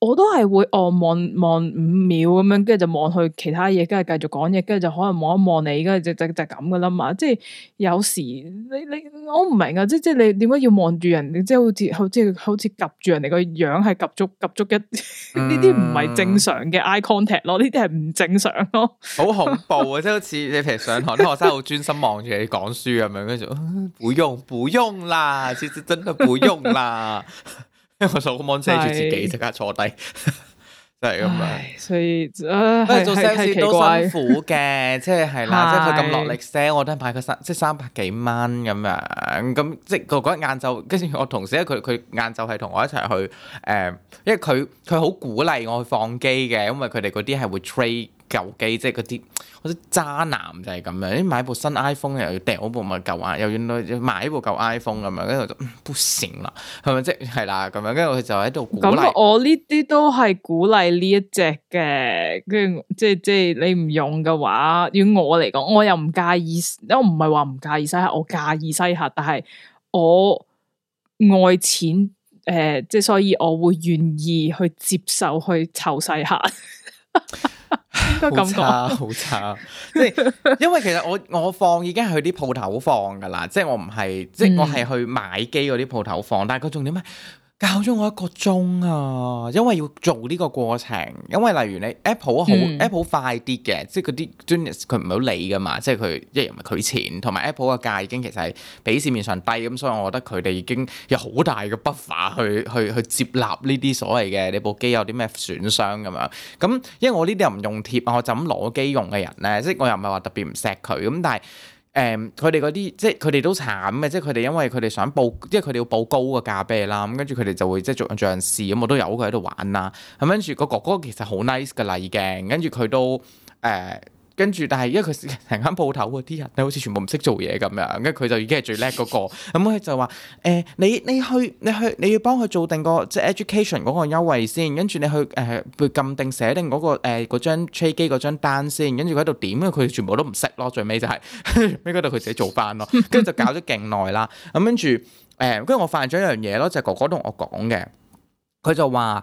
我都係會哦，望望五秒咁樣，跟住就望去其他嘢，跟住繼續講嘢，跟住就可能望一望你，跟住就就就咁噶啦嘛。即係有時你你我唔明啊，即係即係你點解要望住人，即係好似好似好似夾住人哋個樣係及足及足一呢啲唔係正常嘅 eye contact 咯，呢啲係唔正常咯，好恐怖啊！即係好似你平時上課啲學生好專心望住你講書咁樣，跟住唔用唔用啦，真係唔用啦。因為我手個芒遮住自己，即的刻坐低，真係咁樣！所以，啊、做 sales 都辛苦嘅，即係係啦，即係佢咁落力 sell，我都買個三即係、就是、三百幾蚊咁樣，咁即係我嗰日晏晝，跟、就、住、是、我同事咧，佢佢晏晝係同我一齊去誒、呃，因為佢佢好鼓勵我去放機嘅，因為佢哋嗰啲係會 trade。舊機即係嗰啲，嗰啲、就是、渣男就係咁樣，你買部新 iPhone 又要掟嗰部咪舊啊，又要買部舊 iPhone 咁樣，跟、嗯、住就唔成啦，係咪即係啦咁樣？跟住佢就喺度鼓勵。咁我呢啲都係鼓勵呢一隻嘅，跟住即係即係你唔用嘅話，如果我嚟講，我又唔介意，因為唔係話唔介意西客，我介意西客，但係我愛錢誒、呃，即係所以我會願意去接受去湊西客。 好 差，好差， 即係因為其實我我放已經係去啲鋪頭放噶啦，即係我唔係，即係我係去買機嗰啲鋪頭放，但係佢仲點咩？教咗我一個鐘啊，因為要做呢個過程，因為例如你 Apple 好、嗯、Apple 快啲嘅，即係嗰啲專業佢唔係好理噶嘛，即係佢一唔係佢錢，同埋 Apple 嘅價已經其實係比市面上低，咁所以我覺得佢哋已經有好大嘅 buffer 去去去，去接納呢啲所謂嘅你部機有啲咩損傷咁樣，咁因為我呢啲又唔用貼啊，我就咁攞機用嘅人咧，即係我又唔係話特別唔錫佢，咁但係。誒，佢哋嗰啲即佢哋都慘嘅，即佢哋因為佢哋想報，即佢哋要報高嘅價俾你啦，咁跟住佢哋就會即做做人事，咁我都由佢喺度玩啦，咁跟住個哥哥其實好 nice 嘅嚟嘅，跟住佢都誒。呃跟住，但係因為佢成間鋪頭喎，啲人你好似全部唔識做嘢咁樣，跟住佢就已經係最叻嗰、那個，咁佢、 嗯、就話：誒、呃，你你去你去，你要幫佢做定個即係、就是、education 嗰個優惠先，跟住你去誒，佢、呃、撳定寫定嗰、那個誒嗰、呃、張 trade 機嗰張單先，跟住喺度點啊？佢全部都唔識咯，最尾就係尾嗰度佢自己做翻咯，跟住 就搞咗勁耐啦。咁跟住誒，跟住、呃、我發現咗一樣嘢咯，就是、哥哥同我講嘅，佢就話。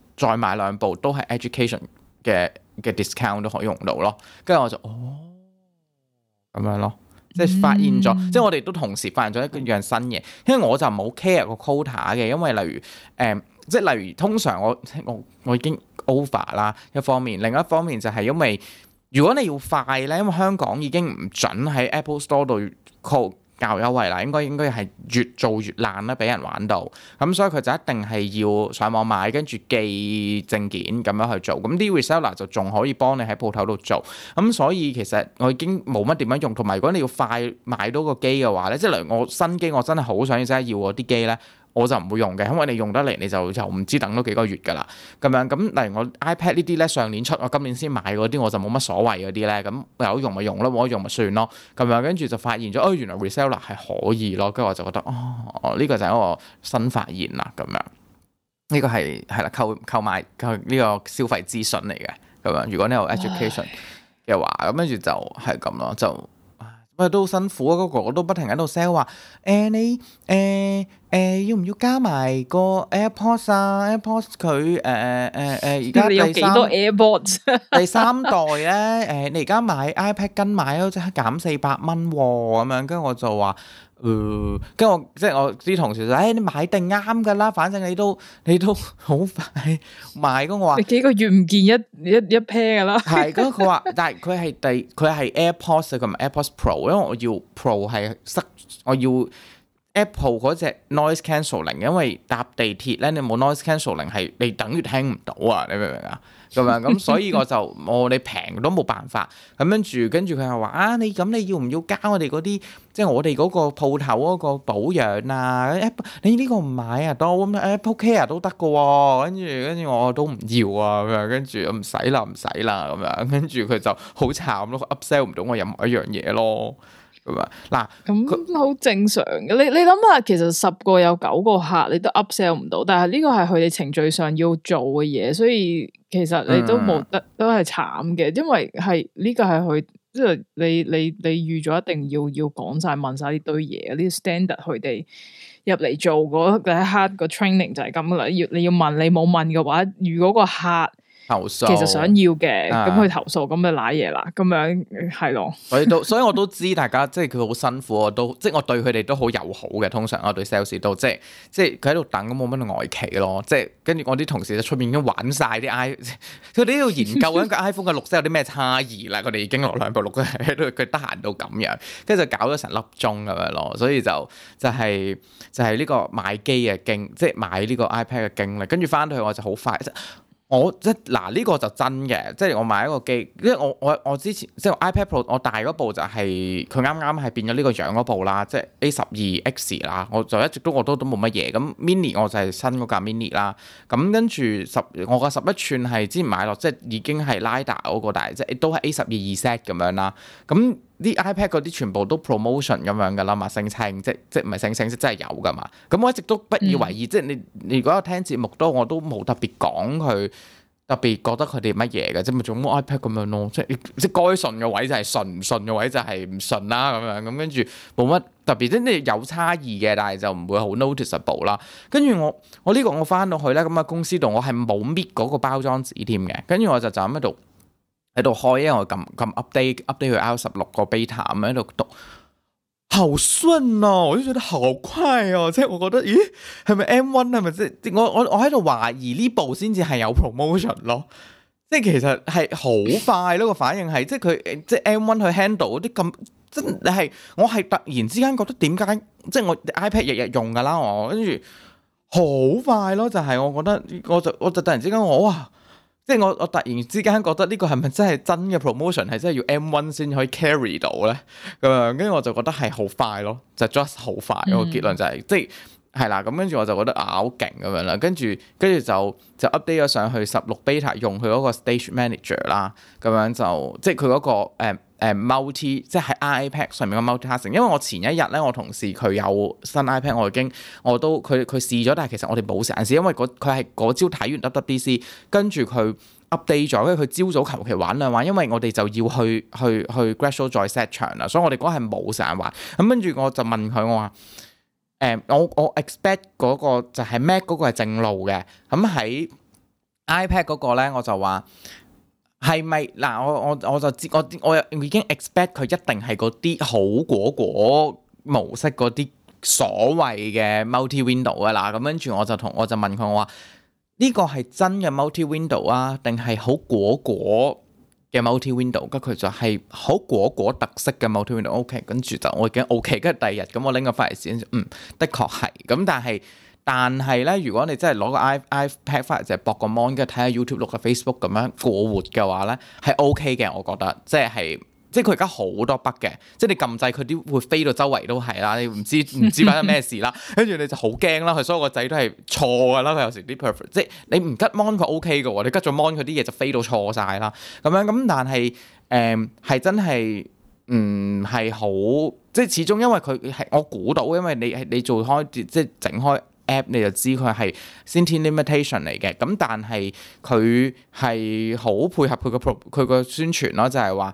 再買兩部都係 education 嘅嘅 discount 都可以用到咯，跟住我就哦咁樣咯，即係發現咗，mm. 即係我哋都同時發現咗一樣新嘢，因為我就冇 care 個 quota 嘅，因為例如誒、嗯，即係例如通常我我我已經 over 啦一方面，另一方面就係因為如果你要快呢，因為香港已經唔準喺 Apple Store 度 call。較優惠啦，應該應該係越做越爛啦，俾人玩到。咁所以佢就一定係要上網買，跟住寄證件咁樣去做。咁啲 reseller 就仲可以幫你喺鋪頭度做。咁所以其實我已經冇乜點樣用。同埋如果你要快買到個機嘅話咧，即係例如我新機，我真係好想要，真係要我啲機咧。我就唔會用嘅，因為你用得嚟你就就唔知等多幾個月㗎啦，咁樣咁例如我 iPad 呢啲咧上年出，我今年先買嗰啲我就冇乜所謂嗰啲咧，咁有用咪用咯，冇用咪算咯，咁樣跟住就發現咗，哦、哎、原來 reseller 係可以咯，跟住我就覺得哦呢、哦這個就係一個新發現啦，咁樣呢、這個係係啦購購買呢、這個消費資訊嚟嘅，咁樣如果你有 education 嘅話，咁跟住就係咁咯，就啊、哎、都辛苦啊，嗰個哥哥都不停喺度 sell 話，誒、哎、你誒。哎哎誒，要唔要加埋個 AirPods 啊？AirPods 佢誒誒誒，而家、呃呃呃、有幾多 AirPods， 第三代咧。誒、呃，你而家買 iPad 跟買咯，即刻減四百蚊咁樣。跟住我就話，誒、呃，跟住即係我啲同事就誒、哎，你買定啱噶啦，反正你都你都好快買噶。我話你幾個月唔見一一一 pair 噶啦。係 咁，佢話但係佢係第佢係 AirPods 同埋 AirPods Pro，因為我要 Pro 係塞，我要。Apple 嗰隻 noise cancelling 因為搭地鐵咧，你冇 noise cancelling 係你等於聽唔到啊！你明唔明啊？咁啊咁，所以我就我、哦、你平都冇辦法咁跟住，跟住佢又話啊你咁你要唔要加我哋嗰啲即係我哋嗰個鋪頭嗰個保養啊？Apple 你呢個唔買啊都誒、嗯、Apple care 都得嘅喎。跟住跟住我都唔要啊咁樣，跟住唔使啦唔使啦咁樣，跟住佢就好慘咯，Upsell 唔到我任何一樣嘢咯。咁啊嗱，咁好正常嘅。你你諗下，其實十個有九個客你都 Upsell 唔到，但係呢個係佢哋程序上要做嘅嘢，所以其實你都冇得、嗯、都係慘嘅，因為係呢、呢個係佢即係你你你預咗一定要要講晒問晒呢堆嘢呢啲 standard 佢哋入嚟做嗰一刻個 training 就係咁啦。要你要問你冇問嘅話，如果個客。投訴其實想要嘅，咁去投訴，咁就瀨嘢啦，咁樣係咯。 所以都，所以我都知大家即係佢好辛苦啊，我都即係我對佢哋都好友好嘅。通常我對 sales 都即係即係佢喺度等，咁冇乜外企咯。即係跟住我啲同事喺出面已經玩晒啲 i，佢哋喺度研究緊個 iPhone 嘅綠色有啲咩差異啦。佢哋 已經落兩部綠嘅佢得閒到咁樣，跟住就搞咗成粒鐘咁樣咯。所以就就係、是、就係、是、呢、就是、個買機嘅經，即係買呢個 iPad 嘅經歷。跟住翻到去我就好快。我即嗱呢個就真嘅，即係我買一個機，因為我我我之前即係 iPad Pro，我大嗰部就係佢啱啱係變咗呢個樣嗰部啦，即係 A 十二 X 啦，我就一直都我都都冇乜嘢，咁 Mini 我就係新嗰架 Mini 啦，咁跟住十我個十一吋係之前買落，即係已經係 Lidar 嗰個大，即係都係 A 十二 Z 咁樣啦，咁。啲 iPad 嗰啲全部都 promotion 咁樣噶啦嘛，聲稱即即唔係聲稱即真係有噶嘛。咁我一直都不以為意，嗯、即係你，你如果我聽節目多，我都冇特別講佢，特別覺得佢哋乜嘢嘅，即咪做乜 iPad 咁樣咯？即係即係該信嘅位就係信，唔信嘅位就係唔信啦咁樣。咁跟住冇乜特別，即係有差異嘅，但係就唔會好 noticeable 啦。跟住我我呢個我翻到去咧，咁啊公司度我係冇搣嗰個包裝紙添嘅，跟住我就就咁喺度。喺度開，因為我咁撳 update，update 佢 out 十六個 beta 咁喺度讀，好順啊、喔！我都覺得好快啊、喔！即係我覺得，咦，係咪 M1 係咪即係我我我喺度懷疑呢部先至係有 ProMotion 咯？即係其實係好快咯個反應係，即係佢即係 M1 去 handle 啲咁真，你係我係突然之間覺得點解？即係我 iPad 日日用㗎啦，我跟住好快咯，就係、是、我覺得，我就我就突然之間我哇！即係我我突然之間覺得呢個係咪真係真嘅 promotion 係真係要 M1 先可以 carry 到咧咁樣，跟住我就覺得係好快咯，就係、just 好快、嗯、個結論就係、係、即係。係啦，咁跟住我就覺得啊好勁咁樣啦，跟住跟住就就 update 咗上去十六 beta 用佢嗰個 Stage Manager 啦，咁樣就即係佢嗰個誒、嗯嗯、multi 即係喺 iPad 上面嘅 multitasking 因為我前一日咧，我同事佢有新 iPad，我已經我都佢佢試咗，但係其實我哋冇成日試，因為佢係嗰朝睇完 WWDC 跟住佢 update 咗，跟住佢朝早求其玩兩玩，因為我哋就要去去去去 gradual 再 set 場啦，所以我哋嗰日係冇成日玩。咁跟住我就問佢，我話。誒、嗯，我我 expect 嗰個就係 Mac 嗰個係正路嘅，咁喺 iPad 嗰個咧，我就話係咪嗱？我我我就知我我已經 expect 佢一定係嗰啲好果果模式嗰啲所謂嘅 multi window 嘅啦。咁跟住我就同我就問佢我話呢、這個係真嘅 multi window 啊，定係好果果？嘅 multi window，跟住佢就係好果果特色嘅 multi window，O.K.，、OK, 跟住就 OK, 我已經 O.K.，跟住第二日咁我拎個翻嚟先，嗯，的確係，咁、嗯、但係但係咧，如果你真係攞個 i iPad 翻嚟就係、是、博個 mon，跟住睇下 YouTube、碌下 Facebook 咁樣過活嘅話咧，係 O.K. 嘅，我覺得，即係。即係佢而家好多筆嘅，即係你撳掣佢啲會飛到周圍都係啦。你唔知唔知發生咩事啦，跟住 你就好驚啦。佢所有個仔都係錯㗎啦。佢有時啲 perfect 即係你唔吉 mon 佢 OK 嘅喎，你吉咗 mon 佢啲嘢就飛到錯晒啦。咁樣咁，但係誒係真係唔係好即係始終因為佢係我估到，因為你係你做開即係整開 app 你就知佢係先天 limitation 嚟嘅。咁但係佢係好配合佢個佢個宣傳咯，就係話。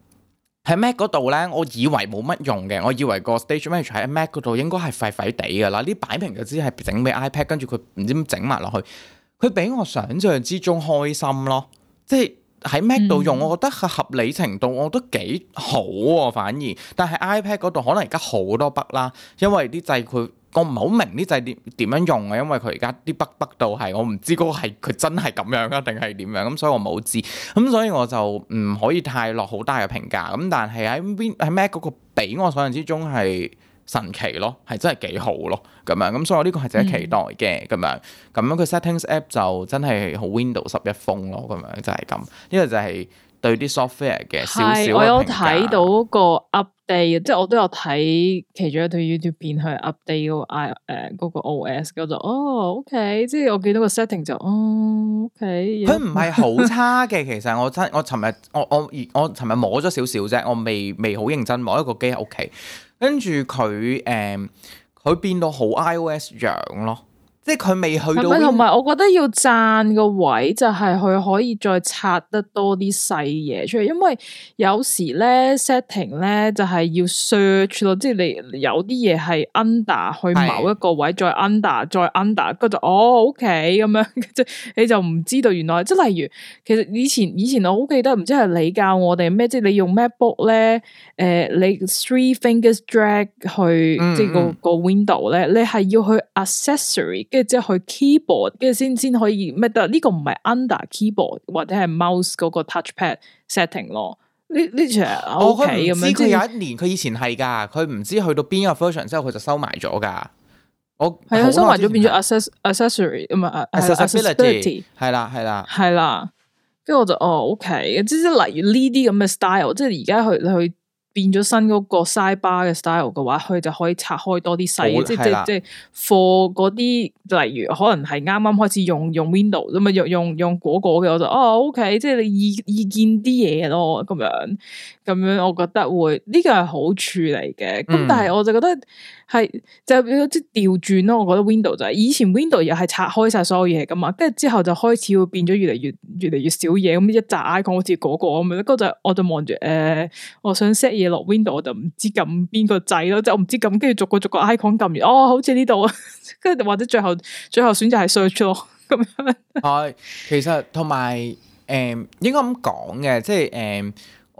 喺 Mac 嗰度咧，我以為冇乜用嘅，我以為個 Stage Manager 喺 Mac 嗰度應該係廢廢地噶啦。呢擺明就知係整俾 iPad，跟住佢唔知點整埋落去，佢比我想象之中開心咯。即係喺 Mac 度用，嗯、我覺得合合理程度，我覺得幾好喎、啊。反而，但係 iPad 嗰度可能而家好多筆啦，因為啲掣佢。我唔係好明呢隻點點樣用啊，因為佢而家啲北北度係我唔知嗰個係佢真係咁樣啊，定係點樣咁，所以我冇知咁，所以我就唔可以太落好大嘅評價。咁但係喺 w 喺 Mac 嗰個俾我想像之中係神奇咯，係真係幾好咯咁樣。咁所以我呢個係真係期待嘅咁樣。咁樣佢 Settings App 就真係好 Windows 十一風咯，咁樣就係、是、咁。呢、這個就係對啲 software 嘅少少嘅評價。係，我有睇到個 Up。即係我都有睇其中一套 YouTube 片去 update 個 I 誒嗰個 OS，我就哦 OK，即係我見到個 setting 就哦 OK。佢唔係好差嘅，其實我我尋日我我我尋日摸咗少少啫，我未未好認真摸一個機喺屋企，跟住佢誒佢變到好 iOS 樣咯。即係佢未去到是是。同埋，我覺得要讚個位就係佢可以再拆得多啲細嘢出嚟，因為有時咧 setting 咧就係、是、要 search 咯，即係你有啲嘢係 under 去某一個位，是的 再 under 再 under，佢就哦 OK 咁樣，即 係你就唔知道原來即係例如，其實以前以前我好記得，唔知係你教我哋咩，即係你用 MacBook 咧，誒、呃，你 three fingers drag 去即係、那個嗯嗯個 window 咧，你係要去 accessory。跟住之後去 keyboard，跟住先先可以咩得？呢個唔係 under keyboard 或者係 mouse 嗰個 touchpad setting 咯。呢呢隻 OK 咁樣有一年佢以前係㗎，佢唔知去到邊個 version 之後佢就收埋咗㗎。我係收埋咗變咗 accessory 咁啊，啊 accessibility 係啦係啦係啦。跟住我就哦 OK，即係例如呢啲咁嘅 style，即係而家去去。去變咗新嗰個 sizebar 嘅 style 嘅話，佢就可以拆開多啲細，即即即 for 嗰啲，that, 例如可能係啱啱開始用用 window 咁啊，用用,用用嗰嘅，我就哦 OK，即係你意意見啲嘢咯，咁樣咁樣，樣我覺得會呢個係好處嚟嘅，咁、嗯、但係我就覺得。係就變咗即係調轉咯，我覺得 Window 就係、是、以前 Window 又係拆開晒所有嘢噶嘛，跟住之後就開始會變咗越嚟越越嚟越少嘢，咁一拃 icon 好似嗰個咁，嗰就我就望住誒，我想 set 嘢落 Window，我就唔知撳邊個掣咯，即係我唔知撳，跟住逐個逐個 icon 撳完，哦，好似呢度，跟住或者最後最後選擇係 search 咯咁樣。係，其實同埋誒應該咁講嘅，即係誒、呃、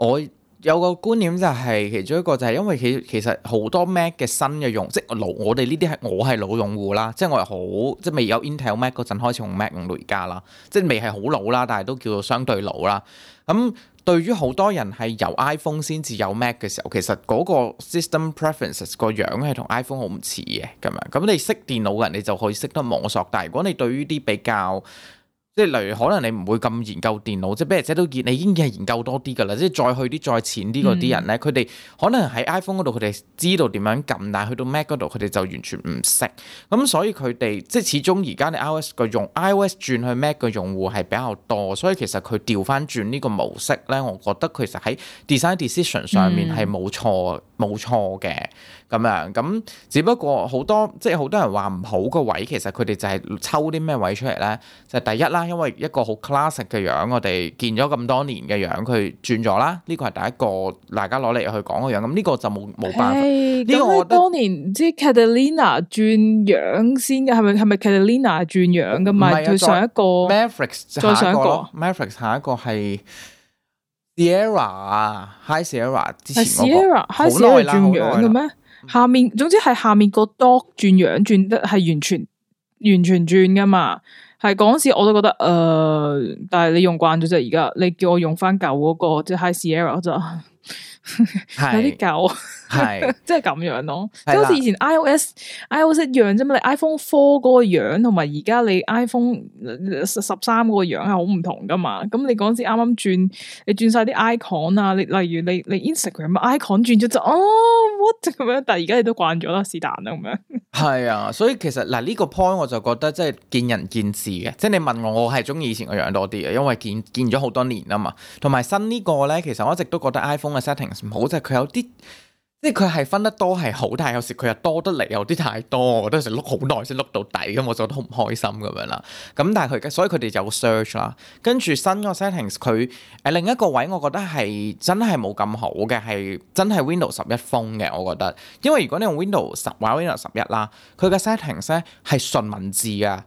我。有個觀點就係，其中一個就係因為其其實好多 Mac 嘅新嘅用即老，我哋呢啲係我係老用戶啦，即係我係好即未有 Intel Mac 嗰陣開始用 Mac 用到而家啦，即未係好老啦，但係都叫做相對老啦。咁對於好多人係由 iPhone 先至有 Mac 嘅時候，其實嗰個 System Preferences 個樣係同 iPhone 好唔似嘅咁樣。咁你識電腦嘅人，你就可以識得摸索，但係如果你對於啲比較即係例如，可能你唔會咁研究電腦，即係比如寫到見你已經係研究多啲噶啦。即係再去啲再淺啲嗰啲人咧，佢哋、嗯、可能喺 iPhone 嗰度佢哋知道點樣撳，但係去到 Mac 嗰度佢哋就完全唔識咁，所以佢哋即係始終而家你 iOS 個用 iOS 轉去 Mac 嘅用戶係比較多，所以其實佢調翻轉呢個模式咧，我覺得其實喺 design decision 上面係冇錯冇錯嘅。嗯咁樣咁，只不過好多即係好多人話唔好個位，其實佢哋就係抽啲咩位出嚟咧。就係、第一啦，因為一個好 classic 嘅樣，我哋見咗咁多年嘅樣，佢轉咗啦。呢個係第一個大家攞嚟去講嘅樣。咁呢個就冇冇辦法。呢、欸、個我覺得當年即係 Catalina 轉樣先，係咪係咪 Catalina 轉樣㗎嘛？佢上一個，Ma 一個再上一個，Mavericks 下一個係 Sierra，High Sierra 之前嗰、嗰個好耐啦，Sierra、High Sierra 轉樣㗎咩？下面總之係下面個 Dock 轉樣轉得係完全完全轉噶嘛，係嗰時我都覺得誒、呃，但係你用慣咗啫，而家你叫我用翻舊嗰個即係 High Sierra 就有啲舊。 是 係，即係咁樣咯。即好似以前 iOS、iOS 一樣啫嘛。你 iPhone Four 嗰個樣，同埋而家你 iPhone 十十三嗰個樣係好唔同噶嘛。咁你嗰陣時啱啱轉，你轉晒啲 icon 啊，你例如你你 Instagram icon 轉咗就哦 what 咁樣，但係而家你都慣咗啦， 是但啦咁樣。係啊，所以其實嗱呢個 point 我就覺得即係見仁見智嘅，即係你問我，我係中意以前個樣多啲啊，因為見見咗好多年啦嘛。同埋新呢個咧，其實我一直都覺得 iPhone 嘅 settings 唔好，就係佢有啲。即係佢係分得多係好，但係有時佢又多得嚟有啲太多，我覺得有時碌好耐先碌到底咁，我覺得好唔開心咁樣啦。咁但係佢，所以佢哋就 search 啦。跟住新個 settings，佢誒另一個位，我覺得係真係冇咁好嘅，係真係 Windows 十一風嘅，我覺得。因為如果你用 Windows 十或 Windows 十一啦，佢嘅 settings 咧係純文字嘅，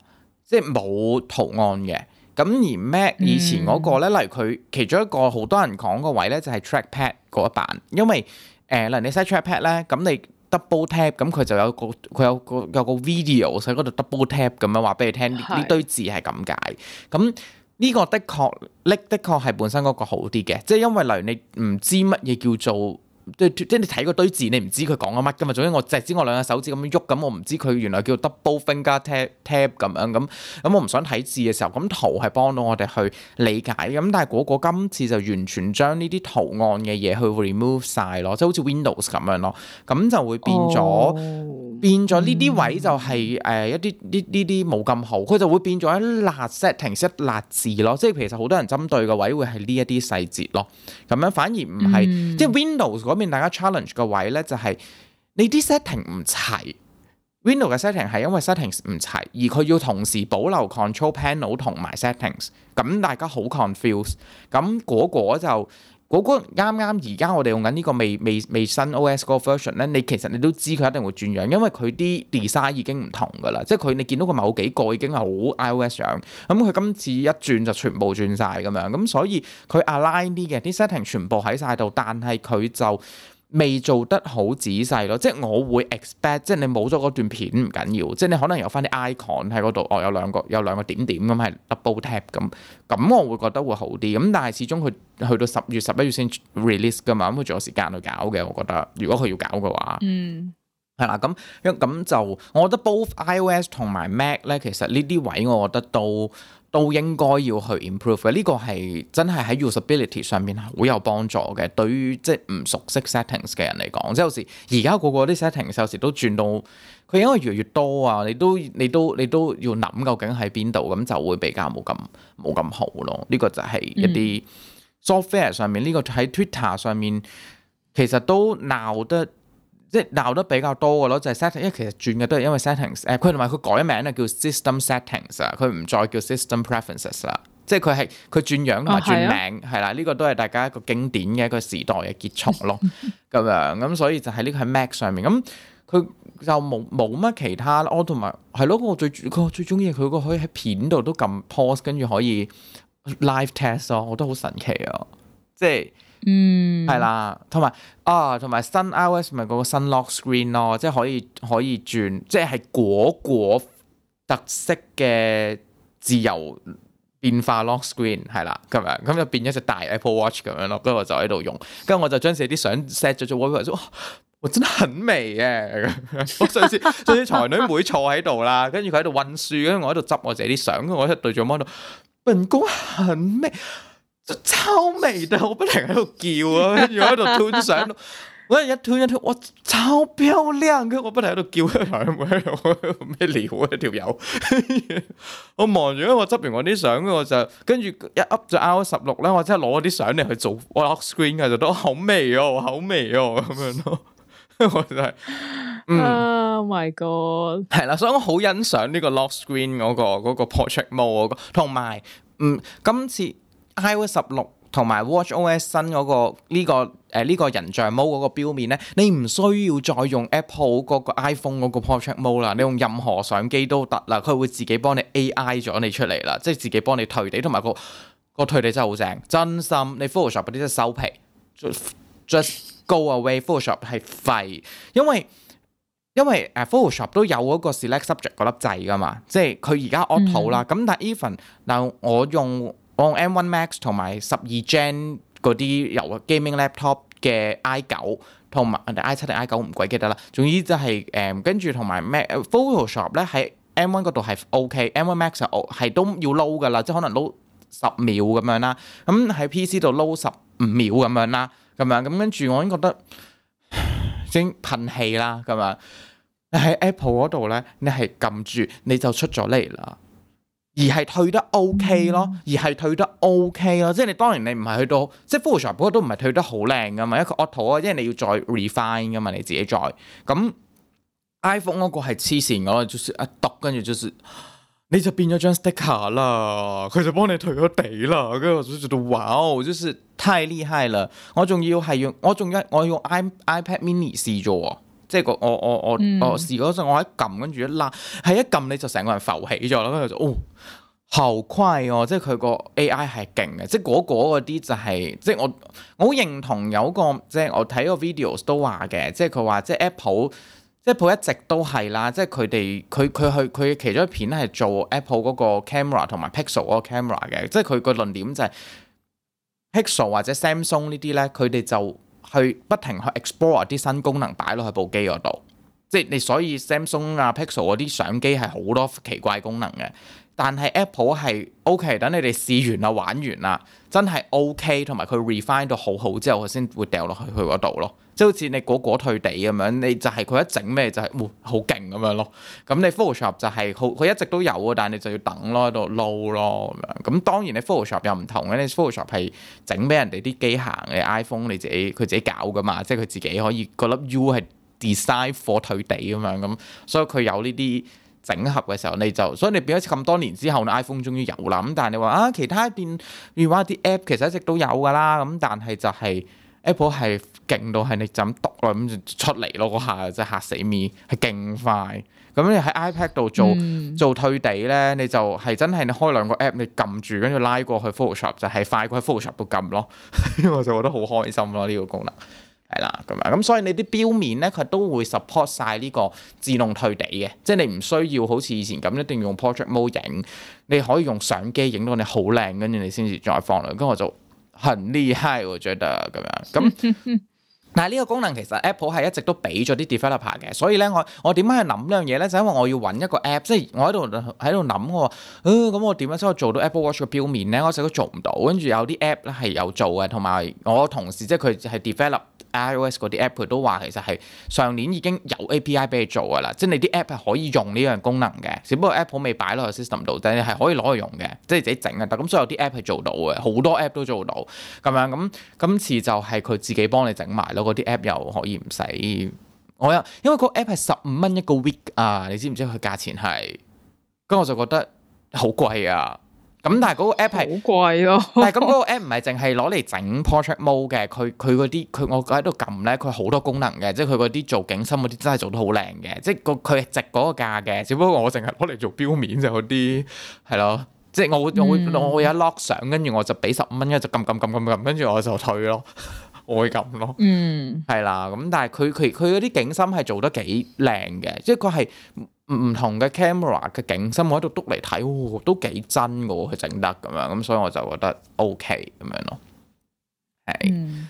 即係冇圖案嘅。咁而 Mac 以前嗰個咧，嗯、例如佢其中一個好多人講個位咧，就係 trackpad 嗰一版，因為。誒，嗱、呃，你 set trackpad 咧，咁你 double tap，咁佢就有個佢有個有個 video 喺嗰度 double tap，咁樣話俾你聽呢是堆字係咁解。咁呢個的確呢的確係本身嗰個好啲嘅，即係因為例如你唔知乜嘢叫做。即係即係你睇個堆字，你唔知佢講緊乜噶嘛。總之我只知我兩隻手指咁樣喐咁，我唔知佢原來叫 double finger tap tap 咁樣咁。咁我唔想睇字嘅時候，咁圖係幫到我哋去理解咁。但係嗰個今次就完全將呢啲圖案嘅嘢去 remove 曬咯，即係好似 Windows 咁樣咯。咁就會變咗。Oh. 變咗呢啲位就係誒一啲啲啲啲冇咁好，佢就會變咗一辣 setting 一辣字咯。即係其實好多人針對嘅位會係呢一啲細節咯。咁樣反而唔係、嗯、即係 Windows 嗰邊大家 challenge 個位咧、就是，就係呢啲 setting 唔齊。Windows 嘅 setting 係因為 settings 唔齊，而佢要同時保留 Control Panel 同埋 settings，咁大家好 confused。咁果果就。嗰個啱啱而家我哋用緊呢個未未未新 OS 嗰個 version 咧，你其實你都知佢一定會轉樣，因為佢啲 design 已經唔同噶啦，即係佢你見到佢某幾個已經係好 iOS 樣，咁佢今次一轉就全部轉晒咁樣，咁、嗯、所以佢 align 啲嘅啲 setting 全部喺晒度，但係佢就。未做得好仔細咯，即係我會 expect，即係你冇咗嗰段片唔緊要，即係你可能有返啲 icon 喺嗰度，哦有兩個有兩個點點咁係 double tap 咁，咁我會覺得會好啲，咁但係始終佢去到十月十一月先 release 㗎嘛，咁佢仲有時間去搞嘅，我覺得如果佢要搞嘅話，嗯，係啦，咁咁就我覺得 both iOS 同埋 Mac 咧，其實呢啲位我覺得都。都應該要去 improve 嘅，呢個係真係喺 usability 上面好有幫助嘅。對於即係唔熟悉 settings 嘅人嚟講，即有時而家個個啲 settings 有時都轉到佢應該越嚟越多啊，你都你都你都，你都要諗究竟喺邊度，咁就會比較冇咁冇咁好咯。呢個就係一啲 software 上面呢個喺 Twitter 上面其實都鬧得。即係鬧得比較多嘅咯，就係、是、setting，因為其實轉嘅都係因為 settings，誒佢同埋佢改名啊叫 system settings 啊，佢唔再叫 system preferences 啦，即係佢係佢轉樣同埋轉名，係啦、哦，呢、啊這個都係大家一個經典嘅一個時代嘅結束咯，咁 樣咁所以就喺呢個喺 Mac 上面，咁佢就冇冇乜其他，我同埋係咯，我最、哦、我最中意佢個可以喺片度都撳 pause，跟住可以 live test 咯，我覺得好神奇啊，即係。嗯，係啦、mm.，同埋啊，同埋新 iOS 咪嗰個新 lock screen 咯，即係可以可以轉，即係係果果特色嘅自由變化 lock screen，係啦，咁樣咁就變咗隻大 Apple Watch 咁樣咯，跟住我就喺度用，跟住我就將自己啲相 set 咗做 w a t c 我真的很美嘅， 我上次上次才女妹坐喺度啦，跟住佢喺度温書，跟住我喺度執我自己啲相，我一對住 mondo，本宮很咩？就超美，但我不停喺度叫啊。跟住喺度拖相，我 一拖一拖，哇，超漂亮，跟住我不停喺度叫，佢係咪？我咩料啊？條友，我望住我執完我啲相，我就跟住一 up 就 out 十六咧，我即係攞啲相嚟去做 lock screen，其實都好美哦，好美哦，咁樣咯，我真係嗯，Oh my god，係啦，所以我好欣賞呢個 lock screen 嗰個嗰個 portrait mode，同埋嗯今次。iOS 十六同埋 WatchOS 新嗰、那個呢、這個誒呢、呃這個人像模嗰個表面咧，你唔需要再用 Apple 嗰個 iPhone 嗰個 Portrait Mode 啦，你用任何相機都得啦，佢會自己幫你 AI 咗你出嚟啦，即係自己幫你退地，同埋、那個、那個褪地真係好正，真心。你 Photoshop 啲即係收皮 Just，just go away。Photoshop 係廢，因為因為誒 Photoshop 都有嗰個 select subject 嗰粒掣㗎嘛，即係佢而家 auto 啦。咁、嗯、但係 even 嗱我用。我 M1 Max 同埋十二 Gen 嗰啲有 gaming laptop 嘅 i 九同埋 i 七定 i 九唔鬼記得啦。總之就係誒跟住同埋咩 Photoshop 咧喺 M1 嗰度係 OK，M1 Max 係都要 load 噶啦，即係可能 load 十秒咁樣啦。咁喺 PC 度 load 十五秒咁樣啦，咁樣咁跟住我已經覺得先噴氣啦咁樣。喺 Apple 嗰度咧，你係撳住你就出咗嚟啦。而係退得 OK 咯，而係退得 OK 咯。 即係你當然你唔係去到，即係 Photoshop 都唔係退得好靚噶嘛，一個 auto 啊，因為你要再 refine 噶嘛，你自己再咁 iPhone 嗰個係黐線噶咯，就是一篤跟住就是你就變咗張 sticker 啦，佢就幫你退咗地啦，跟住我做到哇，就是太厲害啦！我仲要係用我仲要我用 i iPad mini 試咗，即係個我我我我，我試嗰陣我一撳跟住一拉，係一撳你就成個人浮起咗啦，跟住就哦～頭盔哦，即係佢個 AI 係勁嘅，即係嗰個嗰啲就係、是，即係我我好認同有個，即係我睇個 videos 都話嘅，即係佢話即係 Apple Apple，Apple 一直都係啦，即係佢哋佢佢去佢其中一片係做 Apple 嗰個 camera 同埋 Pixel 嗰個 camera 嘅，即係佢個論點就係 Pixel 或者 Samsung 呢啲咧，佢哋就去不停去 explore 啲新功能擺落去部機嗰度，即係你所以 Samsung 啊 Pixel 嗰啲相機係好多奇怪功能嘅。但係 Apple 係 OK，等你哋試完啦、玩完啦，真係 OK，同埋佢 refine 到好好之後，佢先會掉落去佢嗰度咯。即好似你果果退地咁樣，你就係佢一整咩就係、哇，好勁咁樣咯。咁、嗯、你 Photoshop 就係好，佢一直都有啊，但係你就要等咯，喺度撈咯咁樣。咁當然你 Photoshop 又唔同嘅，你 Photoshop 係整俾人哋啲機行嘅 iPhone，你自己佢自己搞噶嘛，即係佢自己可以嗰粒、那個、U 係 design for 退地咁樣咁、嗯，所以佢有呢啲。整合嘅時候，你就所以你變咗咁多年之後，iPhone 終於有啦。咁但係你話啊，其他電，譬如話啲 App 其實一直都有噶啦。咁但係就係、是、Apple 係勁到係你就咁篤啦，咁就出嚟咯，嗰下真係嚇死咪，係勁快。咁你喺 iPad 度做、嗯、做退地咧，你就係真係你開兩個 App，你撳住跟住拉過去 Photoshop 就係快過去 Photoshop 度撳咯。 我就覺得好開心咯呢、這個功能。係啦，咁啊、嗯，咁所以你啲表面咧，佢都會 support 晒呢個自動退地嘅，即係你唔需要好似以前咁一定要用 portrait mode 影，你可以用相機影到你好靚，跟住你先至再放落，跟住我就很厲害，我覺得咁樣咁。嗯 嗱呢個功能其實 Apple 係一直都俾咗啲 developer 嘅，所以咧我我點解去諗呢樣嘢咧？就係因為我要揾一個 app，即係我喺度喺度諗我，誒咁我點樣先可以做到 Apple Watch 嘅表面咧？我成日都做唔到，跟住有啲 app 咧係有做嘅，同埋我同事即係佢係 develop iOS 嗰啲 app，佢都話其實係上年已經有 API 俾你做噶啦，即係你啲 app 係可以用呢樣功能嘅，只不過 Apple 未擺落去 system 度，但係係可以攞去用嘅，即係自己整啊！但咁所以有啲 app 係做到嘅，好多 app 都做到咁樣咁，今次就係佢自己幫你整埋咯。嗰啲 app 又可以唔使，我有，因為嗰個 app 係十五蚊一個 week 啊，你知唔知佢價錢係？咁我就覺得好貴啊。咁但係嗰個 app 係，好貴啊，但係咁嗰個 app 唔係淨係攞嚟整 portrait mode 嘅，佢佢嗰啲，佢我喺度撳咧，佢好多功能嘅，即係佢嗰啲做景深嗰啲真係做得好靚嘅，即係個佢係值嗰個價嘅，只不過我淨係攞嚟做表面就啲係咯，即係我我會我有一 lock 相，跟住我就俾十五蚊，跟住就撳撳撳撳撳，跟住我就退咯。愛咁咯，嗯，係啦，咁但係佢佢佢嗰啲景深係做得幾靚嘅，即係佢係唔同嘅 camera 嘅景深，我喺度篤嚟睇，都幾真嘅，佢整得咁樣，咁所以我就覺得 OK 咁樣咯，係。嗯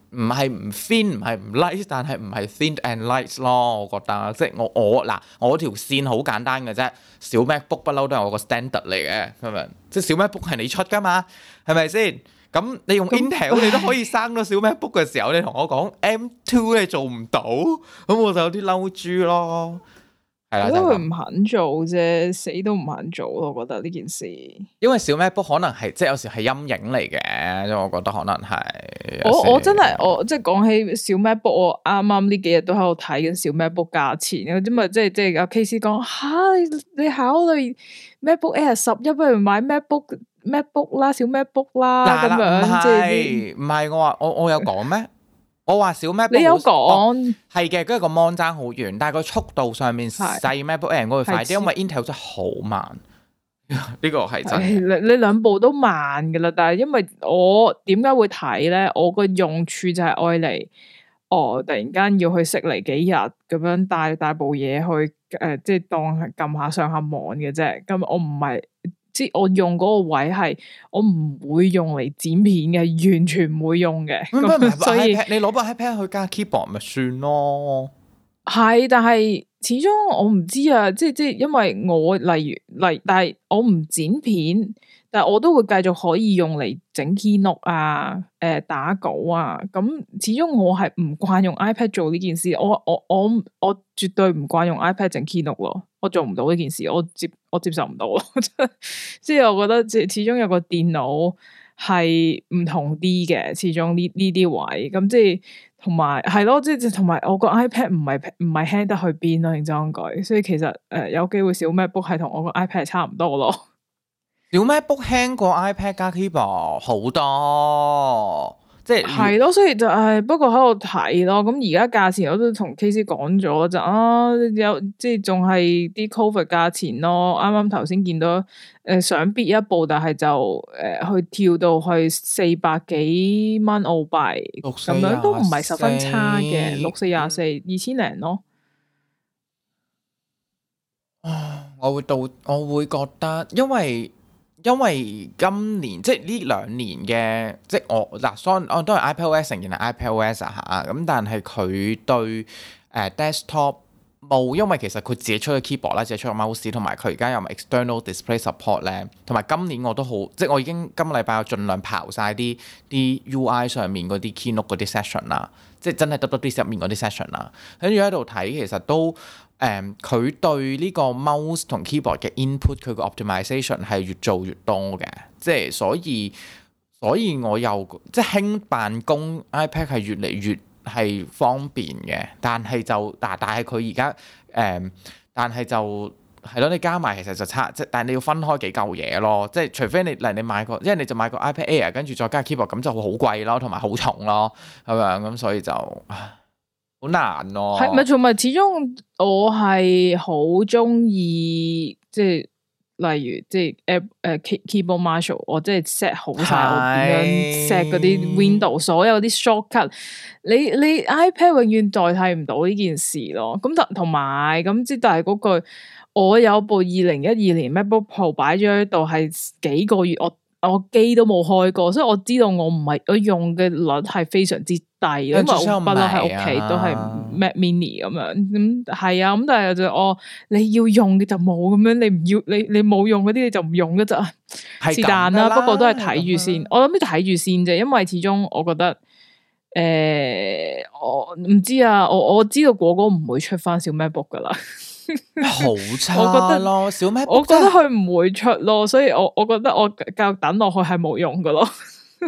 唔係唔 thin 唔係唔 light，但係唔係 thin and light 咯，我覺得即係我我嗱我條線好簡單嘅啫，小 MacBook 不嬲都係我個 standard 嚟嘅，係咪？即係小 MacBook 係你出㗎嘛？係咪先？咁你用 Intel、嗯、你都可以生到小 MacBook 嘅時候，你同我講 M2 你做唔到，咁我就有啲嬲豬咯。如都佢唔肯做啫，死都唔肯做，我覺得呢件事。因為小 MacBook 可能係即係有時係陰影嚟嘅，因為我覺得可能係我。我我真係我即係講起小 MacBook，我啱啱呢幾日都喺度睇緊小 MacBook 價錢，咁點咪即係即係阿 KC 講吓，你考慮 MacBook Air 十一，不如買 MacBook MacBook 啦，小 MacBook 啦咁樣。即係唔係，我話我我有講咩？ 我話小 Mac？你有講，係嘅，跟住個 mon 爭好遠，但係個速度上面細 macbook air 嗰個快啲，是因為 intel 真係好慢。呢個係真嘅。你兩部都慢噶啦，但係因為我點解會睇咧？我個用處就係愛嚟，我、哦、突然間要去息嚟幾日，咁樣帶帶部嘢去誒、呃，即係當撳下上下網嘅啫。咁我唔係。即係我用嗰個位係，我唔會用嚟剪片嘅，完全唔會用嘅。所以 iPad，你攞把 iPad 去加 keyboard 咪算咯？係，但係始終我唔知啊。即係即係，因為我例如，例但係我唔剪片。但我都會繼續可以用嚟整 Keynote 啊，誒、呃、打稿啊，咁始終我係唔慣用 iPad 做呢件事，我我我我絕對唔慣用 iPad 整 Keynote 咯，我做唔到呢件事，我接我接受唔到，即 係我覺得即始終有個電腦係唔同啲嘅，始終呢呢啲位咁即係同埋係咯，即係同埋我個 iPad 唔係唔係輕得去邊咯，應該，所以其實誒、呃、有機會小 MacBook 係同我個 iPad 差唔多咯。屌咩 book 輕過 iPad 加 keyboard 好多，即係係咯，所以就誒、是，不過喺度睇咯。咁而家價錢我都同 KC 講咗，就啊，有即係仲係啲 cover 價錢咯。啱啱頭先見到誒、呃，想跌一步，但係就誒、呃、去跳到去四百幾蚊澳幣，咁 64 4? 樣都唔係十分差嘅，六四廿四二千零咯。我會到我會覺得，因為。因為今年即係呢兩年嘅，即係我嗱、哦，當然 iPadOS 仍然係 iPadOS 啊，咁、呃、但係佢對誒 desktop 冇，因為其實佢自己出咗 keyboard 啦，自己出咗 mouse，同埋佢而家有 external display support 咧，同埋今年我都好，即係我已經今個禮拜我盡量刨晒啲啲 UI 上面嗰啲 keynote 嗰啲 session 啦，即係真係 WWDC 入面嗰啲 session 啦，跟住喺度睇其實都。誒，佢、嗯、對呢個 mouse 同 keyboard 嘅 input，佢個 optimization 係越做越多嘅，即係所以，所以我又即係輕辦公 iPad 係越嚟越係方便嘅，但係就嗱、啊，但係佢而家誒，但係就係咯，你加埋其實就差，即但係你要分開幾嚿嘢咯，即係除非你嚟你買個，因為你就買個 iPad Air，跟住再加 keyboard，咁就會好貴咯，同埋好重咯，咁樣咁，所以就。好難咯、啊，係咪？同埋始終我係好中意，即係例如即係誒誒 keyboard mouse 我即係 set 好晒，我點樣 set 嗰啲 window，所有啲 shortcut， 你你 iPad 永遠代替唔到呢件事咯。咁同埋咁即但係嗰句，我有部二零一二年 MacBook Pro 擺咗喺度，係幾個月我。我機都冇開過，所以我知道我唔係我用嘅率係非常之低。因為不嬲，嗯、啊，我筆都喺屋企都係 Mac Mini 咁樣，咁係啊，咁但係就我你要用嘅就冇咁樣，你唔要你你冇用嗰啲你就唔用噶咋，是但啦。啊、不過都係睇住先，啊、我諗都睇住先啫，因為始終我覺得，誒、呃，我唔知啊，我我知道果果唔會出翻小 MacBook 噶啦。好差我覺得咯， 小 Macbook，我覺得佢唔會出咯， 所以我我覺得我繼等落去係冇用噶咯。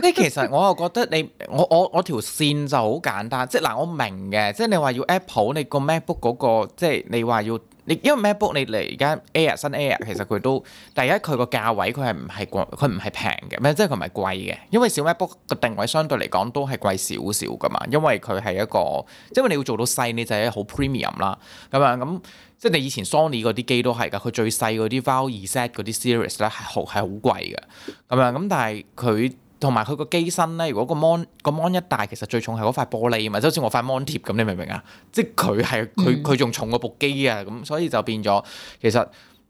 即 其實我又覺得你，我我我條線就好簡單，即係嗱、啊，我明嘅，即係你話要 Apple，你個 MacBook 嗰、那個，即係你話要，你因為 MacBook 你嚟而家 Air 新 Air，其實佢都，第一，佢個價位佢係唔係貴，佢唔係平嘅，咩即係佢唔係貴嘅，因為小 MacBook 個定位相對嚟講都係貴少少噶嘛，因為佢係一個，即因為你要做到細你就係好 premium 啦，咁啊咁。即係你以前 Sony 嗰啲機都係㗎，佢最細嗰啲 VAIO Z 嗰啲 Series 咧係好係好貴㗎，咁樣咁但係佢同埋佢個機身咧，如果個 mon、個 mon 一大，其實最重係嗰塊玻璃啊嘛，即好似我塊 mon 貼咁，你明唔明啊？即係佢係佢佢仲重過部機啊，咁所以就變咗其實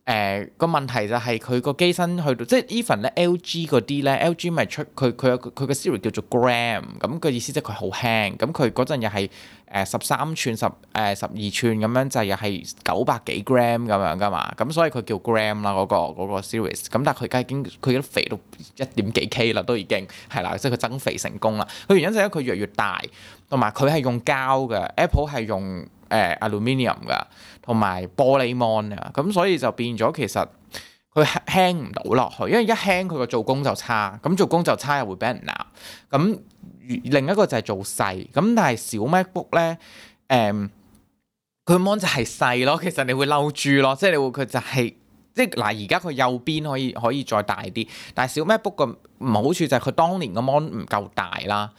誒個、呃、問題就係佢個機身去到即係 even 咧 LG 嗰啲咧，LG 咪出佢佢佢佢個 Series 叫做 Gram，咁個意思即係佢好輕，咁佢嗰陣又係。誒十三寸十誒十二寸咁樣就又係九百幾 gram 咁樣㗎嘛，咁所以佢叫 gram 啦嗰個嗰、嗰個 series，咁但係佢而家已經佢已都肥到一點幾 k 啦都已經係啦，即係佢增肥成功啦。佢原因就係咧佢越來越大，同埋佢係用膠嘅，Apple 係用誒 aluminium 㗎，同、呃、埋玻璃 mon 㗎，咁所以就變咗其實佢輕唔到落去，因為一輕佢個做工就差，咁做工就差又會俾人鬧，咁。另一個就係做細咁，但係小 MacBook 咧，誒佢 mon 就係細咯，其實你會嬲住咯，即係你會佢就係、係、即係嗱，而家佢右邊可以可以再大啲，但係小 MacBook 個唔好處就係佢當年個 mon 唔夠大啦，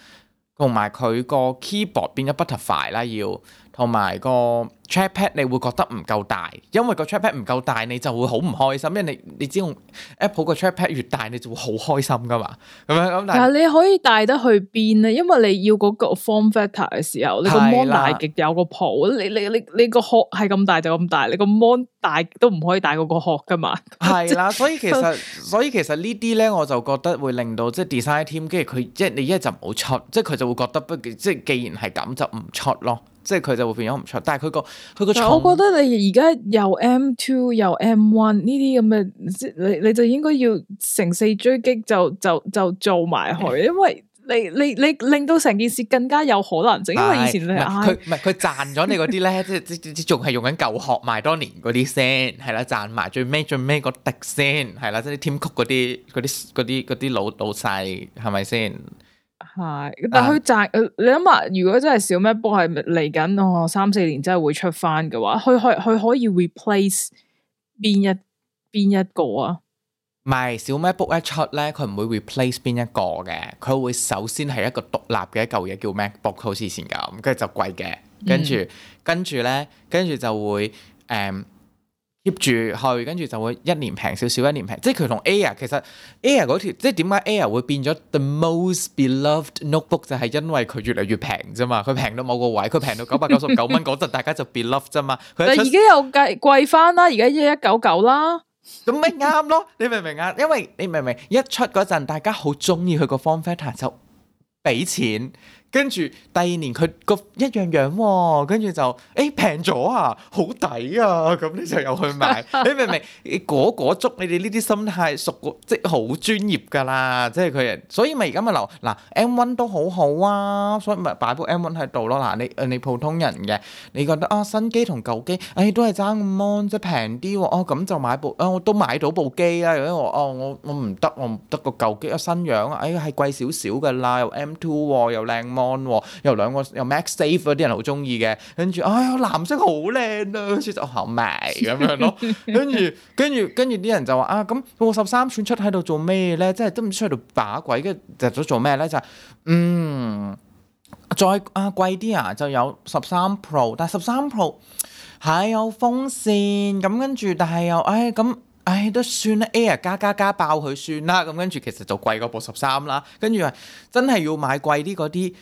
同埋佢個 keyboard 變咗 butterfly 啦，要。同埋個 trackpad 你會覺得唔夠大，因為個 trackpad 唔夠大，你就會好唔開心。因為你你只用 Apple 個 trackpad 越大，你就會好開心噶嘛。咁樣咁但係你可以帶得去邊咧？因為你要嗰個 form factor 嘅時候，你個 mon 大極有個譜了，你你你你個殼係咁大就咁大，你個 mon 大都唔可以大過個殼噶嘛。係啦， 所以其實所以其實呢啲咧，我就覺得會令到即係 design team 跟住佢即係你一就唔好出，即係佢就會覺得不即係既然係咁就唔出咯。即係佢就會變咗唔錯，但係佢個佢個我覺得你而家又 M two 又 M one 呢啲咁嘅，你你就應該要乘勢追擊，就就就做埋佢，因為你你你令到成件事更加有可能。正因為以前你佢唔係佢賺咗你嗰啲咧，即係即即仲係用緊舊學賣多年嗰啲先，係啦賺埋最尾最尾個笛先，係啦即係填曲嗰啲嗰啲嗰啲嗰啲老老細係咪先？係，但佢賺，啊、你諗下，如果真係小 MacBook 係嚟緊，哦三四年之後會出翻嘅話，佢可佢可以，以 replace 邊一邊一個啊？唔係，小 MacBook 一出咧，佢唔會 replace 邊一個嘅，佢會首先係一個獨立嘅一舊嘢叫 MacBook 好似以前咁，跟住就貴嘅，跟住跟住咧，跟住就會誒。嗯 keep 住去，跟住就會一年平少少，一年平。即係佢同 Air 其實 Air 嗰條，即係點解 Air 會變咗 the most beloved notebook 就係因為佢越嚟越平啫嘛，佢平到某個位，佢平到九百九十九蚊嗰陣， 大家就 be loved 啫嘛。但而家又貴貴翻啦，而家一一九九啦，咁咪啱咯，你明唔明啊？因為你明唔明一出嗰陣，大家好中意佢個 form factor 就俾錢。跟住第二年佢個一樣樣喎，跟住就誒平咗啊，好抵啊！咁你就又去買，你明唔明？嗰嗰足你哋呢啲心態熟過，即係好專業㗎啦，即係佢啊。所以咪而家咪留嗱 M1 都好好啊，所以咪擺部 M1 喺度咯。嗱你誒你普通人嘅，你覺得啊新機同舊機，誒都係爭咁多，即係平啲喎。哦咁就買部啊，我都買到部機啦。因為我哦我我唔得，我唔得個舊機啊新樣啊，誒係貴少少㗎啦，又 M2 喎又靚喎。有兩個有 MaxSafe 啲人好中意嘅，跟住哎呀藍色好靚啊，好似就好迷咁樣咯。跟住跟住跟住啲人就話啊，咁我十三寸出喺度做咩咧？即係都唔知出喺度把鬼，跟住入咗做咩咧？就，嗯再啊貴啲啊，就有十三 Pro，但係十三 Pro 係有風扇咁跟住，但係又哎，咁哎，都算啦 Air 加加加爆佢算啦。咁跟住其實就貴過部十三啦。跟住話真係要買貴啲嗰啲。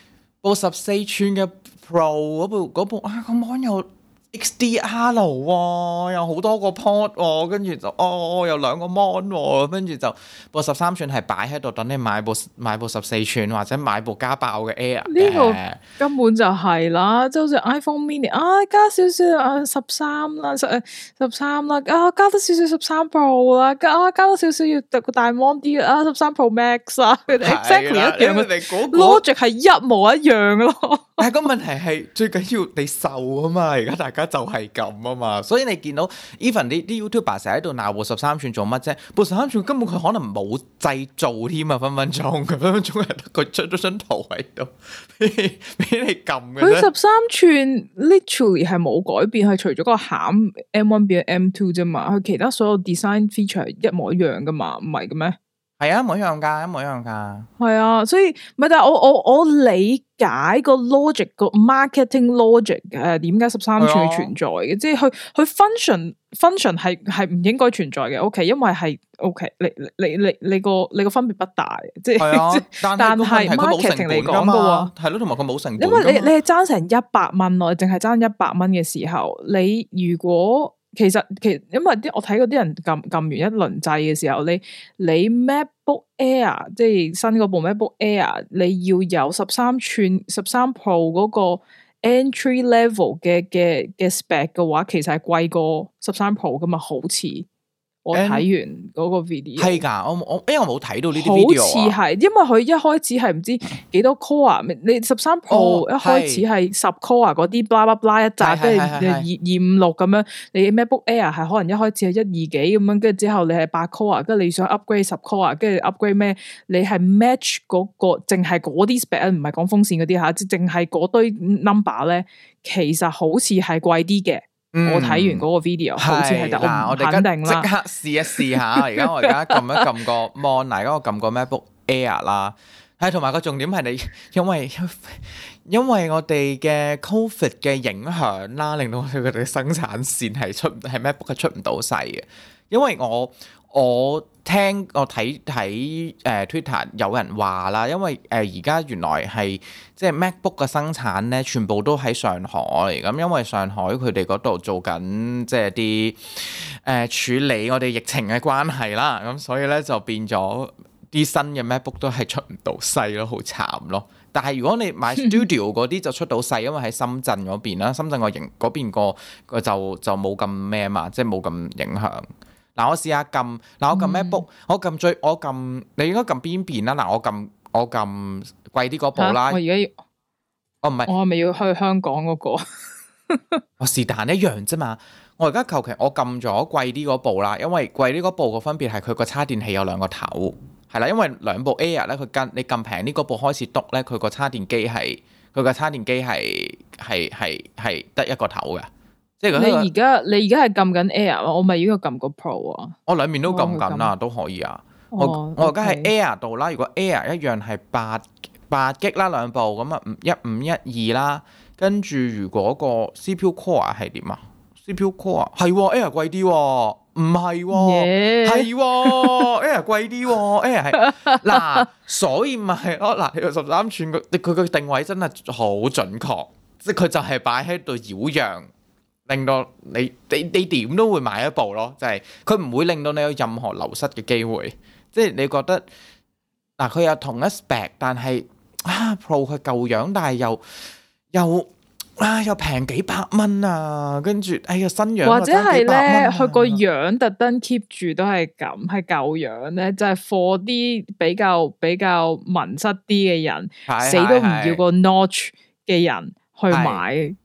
Pro，部十四寸嘅 Pro 嗰部嗰部啊，嗰款又～XDR 有好多個 port 喎，跟住就哦，有兩個 mon 喎、哦，跟住、哦、就部十三寸係擺喺度等你買部買部十四寸或者買部加爆嘅 Air 的。呢個根本就係啦，即、就、係、是、好似 iPhone Mini 啊，加少少啊十三、啊啊啊、啦，十十三啦，啊加多少少十三 Pro 啦，加多少少要大個大 mon 啲啊，十三 Pro Max 啊，Exactly，因 logic 係一模一樣咯。但係個問題係最緊要你瘦啊嘛，而家大家。就係咁啊嘛，所以你見到 Even 啲啲 YouTuber 成日喺度鬧部十三寸做乜啫？部十三寸根本佢可能冇製造添啊，分分鐘佢分分鐘佢出咗張圖喺度俾你撳嘅。佢十三寸 Literally 係冇改變，係除咗個餡 M1 變咗 M2 啫嘛，佢其他所有 design feature 一模一樣噶嘛，唔係嘅咩？係啊，一模一樣噶，一模一樣噶，係啊，所以唔係，但係我我我理。解個、yeah, logic 個 marketing logic 誒點解十三寸係存在嘅，Yeah. 即係佢佢 function function 係係唔應該存在嘅。O、okay, K，因為係 O K，你你你你，你個你個分別不大，Yeah. 即係但係 marketing 嚟講嘅喎，咯是，同埋佢冇成本，因為你係爭成一百蚊咯，淨係爭一百蚊嘅時候，你如果其實，其因為啲我睇嗰啲人撳撳完一輪掣嘅時候，你你 MacBook Air 即係新嗰部 MacBook Air，你要有十三吋十三 Pro 嗰個 entry level 嘅嘅嘅 spec 嘅話，其實係貴過十三 Pro 㗎嘛，好似。我睇完嗰個 video。係噶，我我因為我冇睇到呢啲 video 好似係，因為佢一開始係唔知幾多 core 啊、哦，你十三 Pro 一開始係十 core 啊，嗰啲 bla bla bla 一紮，跟住二二五六咁樣。你 MacBook Air 係可能一開始係一二幾咁樣，跟住之後你係八 core，跟住你想 upgrade 十 core，跟住 upgrade 咩？你係 match 嗰，那個淨係嗰啲 spec，唔係講風扇嗰啲吓，即係淨係嗰堆 number 咧，其實好似係貴啲嘅。我睇完嗰個 video，嗯、好係啊，我哋即刻試一試下。而家 我而家撳一撳個 Mon，而家我撳個 MacBook Air 啦。係，同埋個重點係你，因為因為我哋嘅 Covid 嘅影響啦，令到佢哋嘅生產線係出係 MacBook 係出唔到市嘅。因為我我，因為我。我聽我睇睇誒 Twitter 有人話啦，因為誒而家原來係即係 MacBook 嘅生產咧，全部都喺上海。咁因為上海佢哋嗰度做緊即係啲誒處理我哋疫情嘅關係啦，咁所以咧就變咗啲新嘅 MacBook 都係出唔到世咯，好慘咯。但係如果你買 Studio 嗰啲就出到世， 因為喺深圳嗰邊啦，深圳個影嗰邊個就就冇咁咩嘛，即係冇咁影響。嗱，我試下撳，嗱、嗯，我撳 MacBook。我撳最，我撳你應該撳邊邊啦？嗱，我撳我撳貴啲嗰部啦、啊。我而家要，哦唔係，我係咪要去香港嗰、嗰個？ 我是但一樣啫嘛。我而家求其我撳咗貴啲嗰部啦，因為貴啲嗰部嘅分別係佢個叉電器有兩個頭，係啦。因為兩部 Air 咧，佢跟你撳平啲嗰部開始篤咧，佢個叉電機係佢個叉電機係係係係得一個頭嘅。你而家你而家係撳緊 Air，啊我咪應該撳個 Pro 啊？我兩面都撳緊啦，都可以啊。我我而家喺 Air 度啦，如果 Air 一樣係八八 G 啦兩部，咁啊一五一二啦，跟住如果個 CPU Core 係點啊？CPU Core 係 Air 貴啲，唔係，係 Air 貴啲。Air 係嗱，所以咪咯嗱，十三寸佢佢個定位真係好準確，即係佢就係擺喺度擾攘。令到你你你點都會買一部咯，就係佢唔會令到你有任何流失嘅機會，即係你覺得嗱，佢有同一 Spec，但係啊 Pro 佢舊樣，但係又又啊又平幾百蚊啊，跟住哎呀新樣，啊、或者係咧佢個樣特登 keep 住都係咁，係舊樣咧就係貨啲比較比較文質啲嘅人，是是是死都唔要個 Notch 嘅人去買。是是是是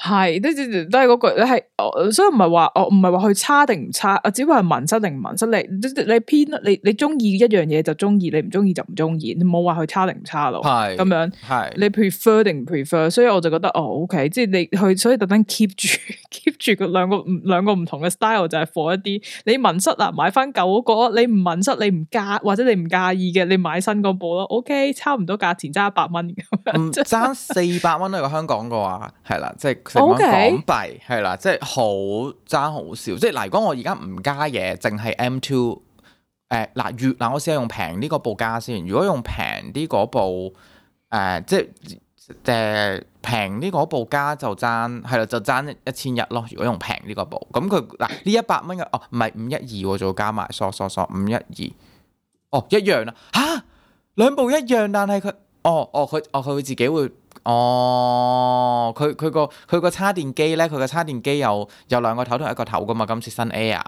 係，都都係嗰個，你係、哦，所以唔係話，我唔係話佢差定唔差，啊，只不過係紋身定唔紋身。你你偏，你你中意一樣嘢就中意，你唔中意就唔中意，你冇話佢差定唔差咯。係是，咁樣，係是，你 prefer 定唔 prefer，所以我就覺得哦，OK，即係你去，所以特登 keep 住，keep 住個兩個兩個唔同嘅 style 就係 for 一啲，你紋身啊，買翻舊嗰個，你唔紋身，你唔介，或者你唔介意嘅，你買新嗰部咯，OK，差唔多價錢，差一百蚊，唔差四百蚊喺個香港嘅話，係啦，即係。成萬港幣係 Okay. 啦，即係好爭好少。即係嗱，如果我而家唔加嘢，淨係 M two 誒嗱，月嗱我試下用平呢個報價先。如果用平啲嗰部誒、呃，即係誒平啲嗰報價就爭係啦，就爭一千一咯。如果用平呢個部，咁佢嗱呢一百蚊嘅哦，唔係五一二，就加埋，索索索五一二，哦一樣啦、啊、吓、啊，兩部一樣，但係佢，哦哦佢，哦佢、哦哦哦哦哦哦哦哦、會自己會。哦，佢佢、oh, 個佢個叉電機咧，佢個叉電機有有兩個頭同一個頭噶嘛？今次新 Air，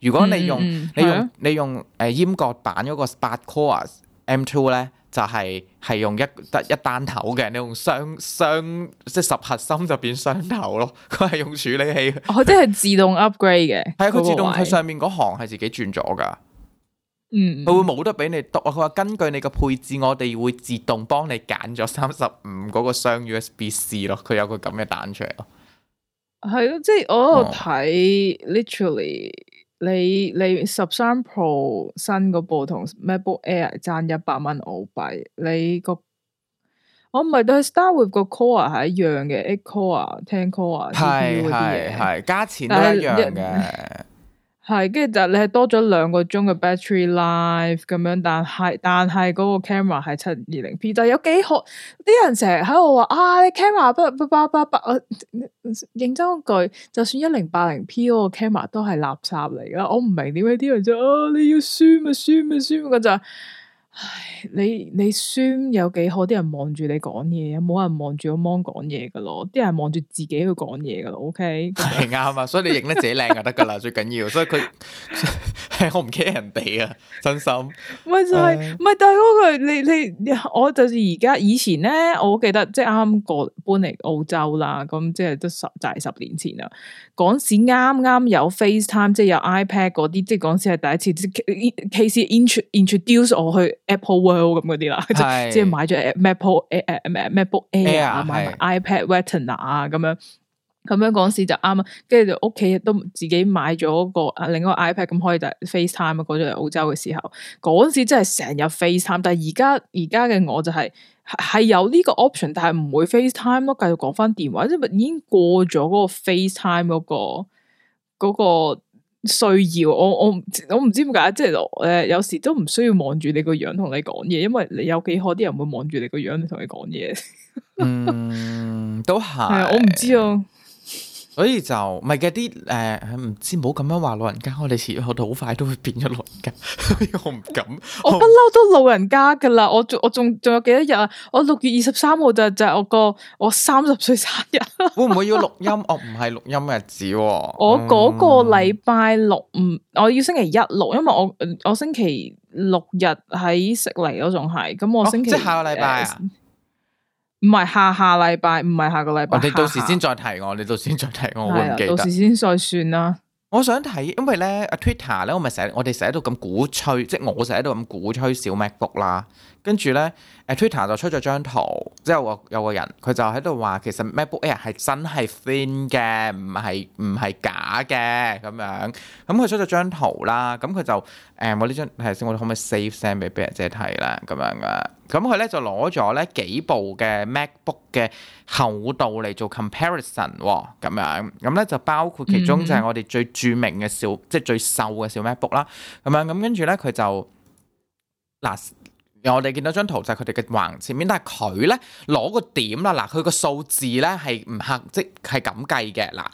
如果你用、嗯、你用、啊、你用誒閹割版嗰個八 Core M2 咧，就係、是、係用一得一單頭嘅，你用雙雙，雙即十核心就變雙頭咯。佢係用處理器，即係自動 upgrade 嘅，係啊，佢自動佢上面嗰行係自己轉咗噶。嗯，佢會冇得俾你讀啊！佢話根據你個配置，我哋會自動幫你揀咗三十五嗰個雙 USB C 咯。佢有個咁嘅彈出嚟。係咯，即係我度睇、嗯、literally 你你十三 Pro 新嗰部同 MacBook Air 爭一百蚊澳幣，你個我唔係但係 Star With 個 Core 係一樣嘅，8 Core 10 Core 係係係價錢都一樣嘅。是 係，跟住就你係多咗兩個鐘嘅 battery life 咁樣，但係但係嗰個 camera 係七二零 P，就有幾好。啲人成日喺度話啊你，camera 你不不不不八，我認真一句，就算一零八零 P 嗰個 camera 都係垃圾嚟㗎。我唔明點解啲人就啊，你要輸咪輸咪輸㗎咋。寫 cor pus 唉，你你宣有幾好？啲人望住你講嘢，冇人望住我芒講嘢噶咯。啲人望住自己去講嘢噶咯。OK，係啱啊。所以你影得自己靚就得噶啦，最緊要。所以佢我唔 care 人哋啊，真心。咪就係、是、咪？大哥、uh，你你我就是而家以前咧，我記得即係啱啱過搬嚟澳洲啦，咁即係都十就係十年前啦。講時啱啱有 FaceTime，即係有 iPad 嗰啲，即係講時係第一次。KC int introduce 我去。Apple World 咁嗰啲啦，是即係買咗 Apple 誒誒 MacBook、哎、Air 呀啊，買 iPad Retina 啊，咁樣咁樣嗰時就啱啊，跟住就屋企都自己買咗個啊另一個 iPad 咁可以就 FaceTime 啊，過咗嚟澳洲嘅時候，嗰時真係成日 FaceTime，但係而家而家嘅我就係、是、係有呢個 option，但係唔會 FaceTime 咯，繼續講翻電話，即係已經過咗嗰個 FaceTime 嗰、那個個。那個那個需要我我我唔知點解，即係，誒，有時都唔需要望住你個樣同你講嘢，因為你有幾可啲人會望住你個樣同你講嘢。嗯，都係、 嗯，我唔知啊。所以就唔係嘅啲誒，唔、呃、知冇咁樣話老人家，我哋遲到好快都會變咗老人家， 我唔敢。我不嬲都老人家㗎喇，我我仲仲有幾多日啊？我六月二十三號就就係我個我三十歲生日，會唔會要錄音？ 我唔係錄音嘅日子，啊。我嗰個禮拜六唔，我要星期一錄，因為我我星期六日喺悉尼，我仲係咁，我星期，哦，即下個禮拜唔係下下禮拜，唔係下個禮拜、啊。你到時先再提我，你到時先再提我，我會唔記得。到時先再算啦。我想睇，因為咧，Twitter 咧，我咪成日我哋成日寫到咁鼓吹，即係我寫到咁鼓吹小 MacBook 啦。跟住咧，誒、啊、Twitter 就出咗張圖，之後有，有個人，佢就喺度話，其實 MacBook Air 係真係 thin 嘅，唔係唔係假嘅咁樣。咁佢、嗯、出咗張圖啦，咁佢就誒、嗯，我呢張睇先看看，我可唔可以 save Send 翻俾阿姐睇啦？咁樣啊？咁佢咧就攞咗咧幾部嘅 MacBook 嘅厚度嚟做 comparison 喎，咁樣咁咧，就包括其中就係我哋最著名嘅小，mm hmm. 即係最瘦嘅小 MacBook 啦，咁樣咁跟住咧，佢就嗱，我哋見到張圖就係佢哋嘅橫前面，但係佢咧攞個點啦，嗱佢個數字咧係唔合即係咁計嘅嗱。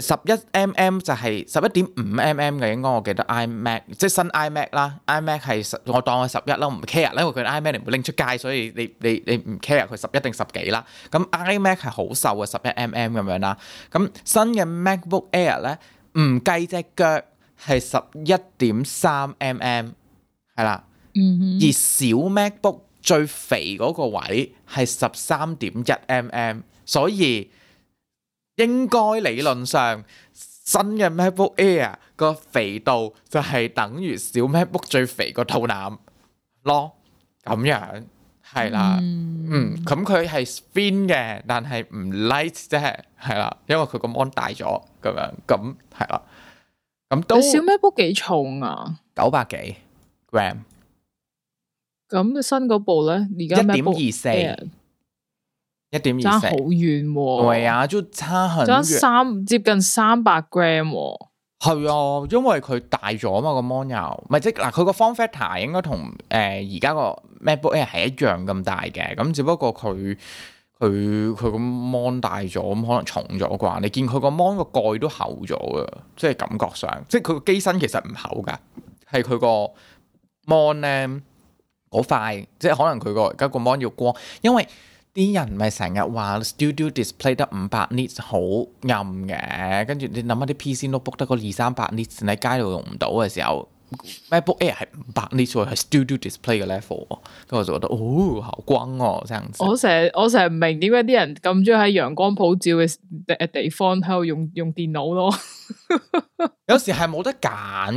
十一 mm 就係十一點五 mm 嘅，應該我記得 iMac 即係新 iMac 啦，iMac 係十，我當佢十一啦，唔 care，因為佢 iMac 你唔會拎出街，所以你你你唔 care 佢十一定十幾啦。咁 iMac 係好瘦嘅，十一 mm 咁樣啦。咁新嘅 MacBook Air 咧，唔計隻腳係十一點三 mm，係啦，而小 MacBook 最肥嗰個位係十三點一 mm，所以。應該理論上新嘅 MacBook Air 個肥度就係等於小 MacBook 最肥個肚腩咯，咁樣係啦。嗯，咁佢係 thin 嘅，但係唔 light 啫，係啦，因為佢個 mon 大咗咁樣，咁係啦，咁都小 MacBook 幾重啊？九百幾 gram。咁個新嗰部咧，而家一點二四。一點二成，好遠喎。係啊，都、啊、差很遠。差三接近三百 gram，係啊，因為佢大咗啊嘛，個 mon 又，唔係即嗱佢個 form factor 應該同誒而、呃、家個 macbook air 係一樣咁大嘅，咁只不過佢佢佢個 mon 大咗，咁可能重咗啩？你見佢個 mon 個蓋都厚咗啊，即係感覺上，即係佢個機身其實唔厚噶，係佢個 mon 咧，嗰塊，即係可能佢個而家個 mon 要光，因為。啲人咪成日話 Studio Display 得五百 nits 好暗嘅，跟住你諗下啲 PC notebook 得嗰二三百 nits 喺街度用唔到嘅時候，MacBook Air 係五百 nits 喎，係 Studio Display 嘅 level，跟住我就覺得哦好光哦，咁樣、啊。我成我成日唔明點解啲人咁鍾意喺陽光普照嘅地方喺度用用電腦咯。 有時係冇得揀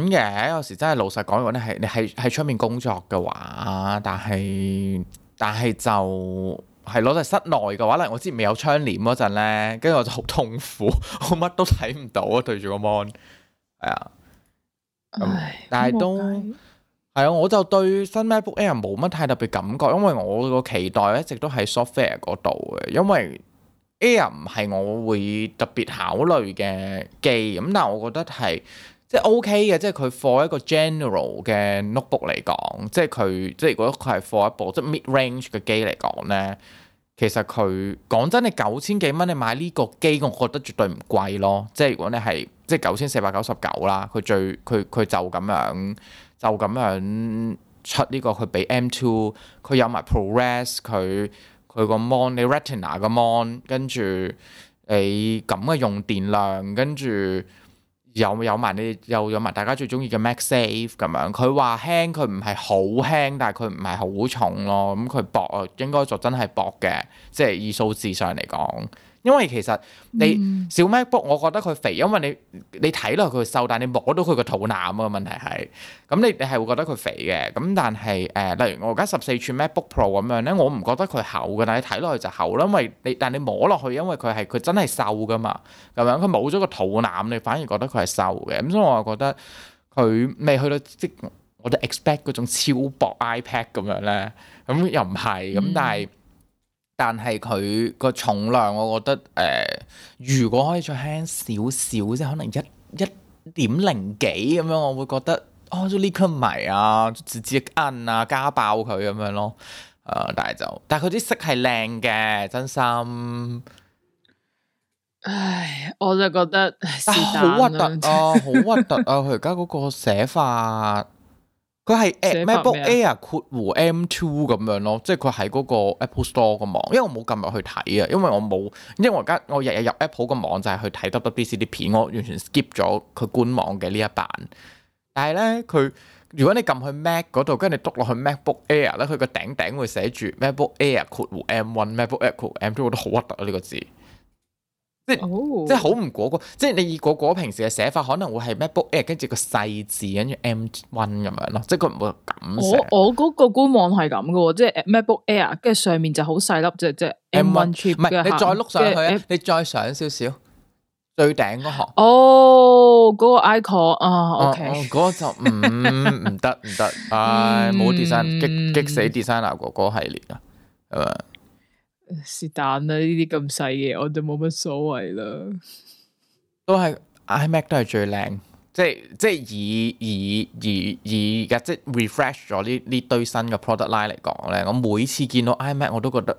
嘅，有時真係老實講話咧，係你喺喺出面工作嘅話，但係但係就。係攞在室內嘅話咧，我之前未有窗簾嗰陣咧，跟住我就好痛苦， 我乜都睇唔到啊！對住個 mon，係啊，但係都係啊唉，我就對新 MacBook Air 冇乜太特別感覺，因為我個期待一直都喺 software 嗰度嘅，因為 Air 唔係我會特別考慮嘅機，咁但係我覺得係。即係 OK 嘅，即係佢 for 一個 general 嘅 notebook 嚟講，即係佢即係如果佢係 for 一部即係、就是、mid range 嘅機嚟講咧，其實佢講真你九千幾蚊你買呢個機，我覺得絕對唔貴咯。即係如果你係即係九千四百九十九啦，佢最佢佢就咁樣就咁樣出呢、這個佢畀 M2，佢有埋 ProRes，佢佢個 mon 你 Retina 個 mon，跟住你咁嘅用電量，跟住。有有埋你有有埋大家最中意嘅 MagSafe 咁樣，佢話輕，佢唔係好輕，但係佢唔係好重咯。咁、嗯、佢薄啊，應該就真係薄嘅，即係以數字上嚟講。因為其實你小 MacBook，我覺得佢肥，因為你你睇落佢瘦，但你摸到佢個肚腩啊，問題係。咁你你係會覺得佢肥嘅。咁但係誒、呃，例如我而家十四寸 MacBook Pro 咁樣咧，我唔覺得佢厚嘅，但你睇落去就厚啦，因為你但你摸落去，因為佢係佢真係瘦噶嘛，咁樣，佢冇咗個肚腩，你反而覺得佢係瘦嘅。咁所以我又覺得佢未去到即我哋 expect 嗰種超薄 iPad 咁樣咧，咁又唔係咁，但係。嗯但係佢個重量，我覺得誒、呃，如果可以再輕少少即係，可能一一點零幾咁樣，我會覺得哦，呢粒米啊，直接摁啊，加爆佢咁樣咯。誒、呃，但係就，但係佢啲色係靚嘅，真心。唉，我就覺得，好核突啊，好核突啊！佢而家嗰個寫法。佢係 MacBook Air 括弧 M2 咁樣咯，即係佢喺嗰個 Apple Store 個網，因為我冇撳入去睇啊，因為我冇，因為我而家我日日入 Apple 個網就係去睇 WBC 啲片，我完全 skip 咗佢官網嘅呢一版。但係咧，佢如果你撳去 Mac 嗰度，跟住你讀落去 MacBook Air 咧，佢個頂頂會寫住 MacBook Air 括弧 M1，MacBook Air 括弧 M2，我覺得好核突啊呢個字。即係即係好唔果果，即係你以果果平時嘅寫法可能會係 MacBook Air，跟住個細字跟住 M One 咁樣咯，即係佢唔會咁寫。我我嗰個官網係咁嘅，即係 MacBook Air，跟住上面就好細粒隻隻 M One Chip。唔係你再碌上去，你再上少少，最頂嗰行。哦，嗰個 icon 啊，OK，嗰個就唔唔得唔得，唉，冇 design，激激死 designer 嗰個系列啦，係嘛？是但啦，呢啲咁細嘅我就冇乜所謂啦。都係 iMac 都係最靚，即係即係以以以以而即係 refresh 咗呢呢堆新嘅 product line 嚟講咧，我每次見到 iMac 我都覺得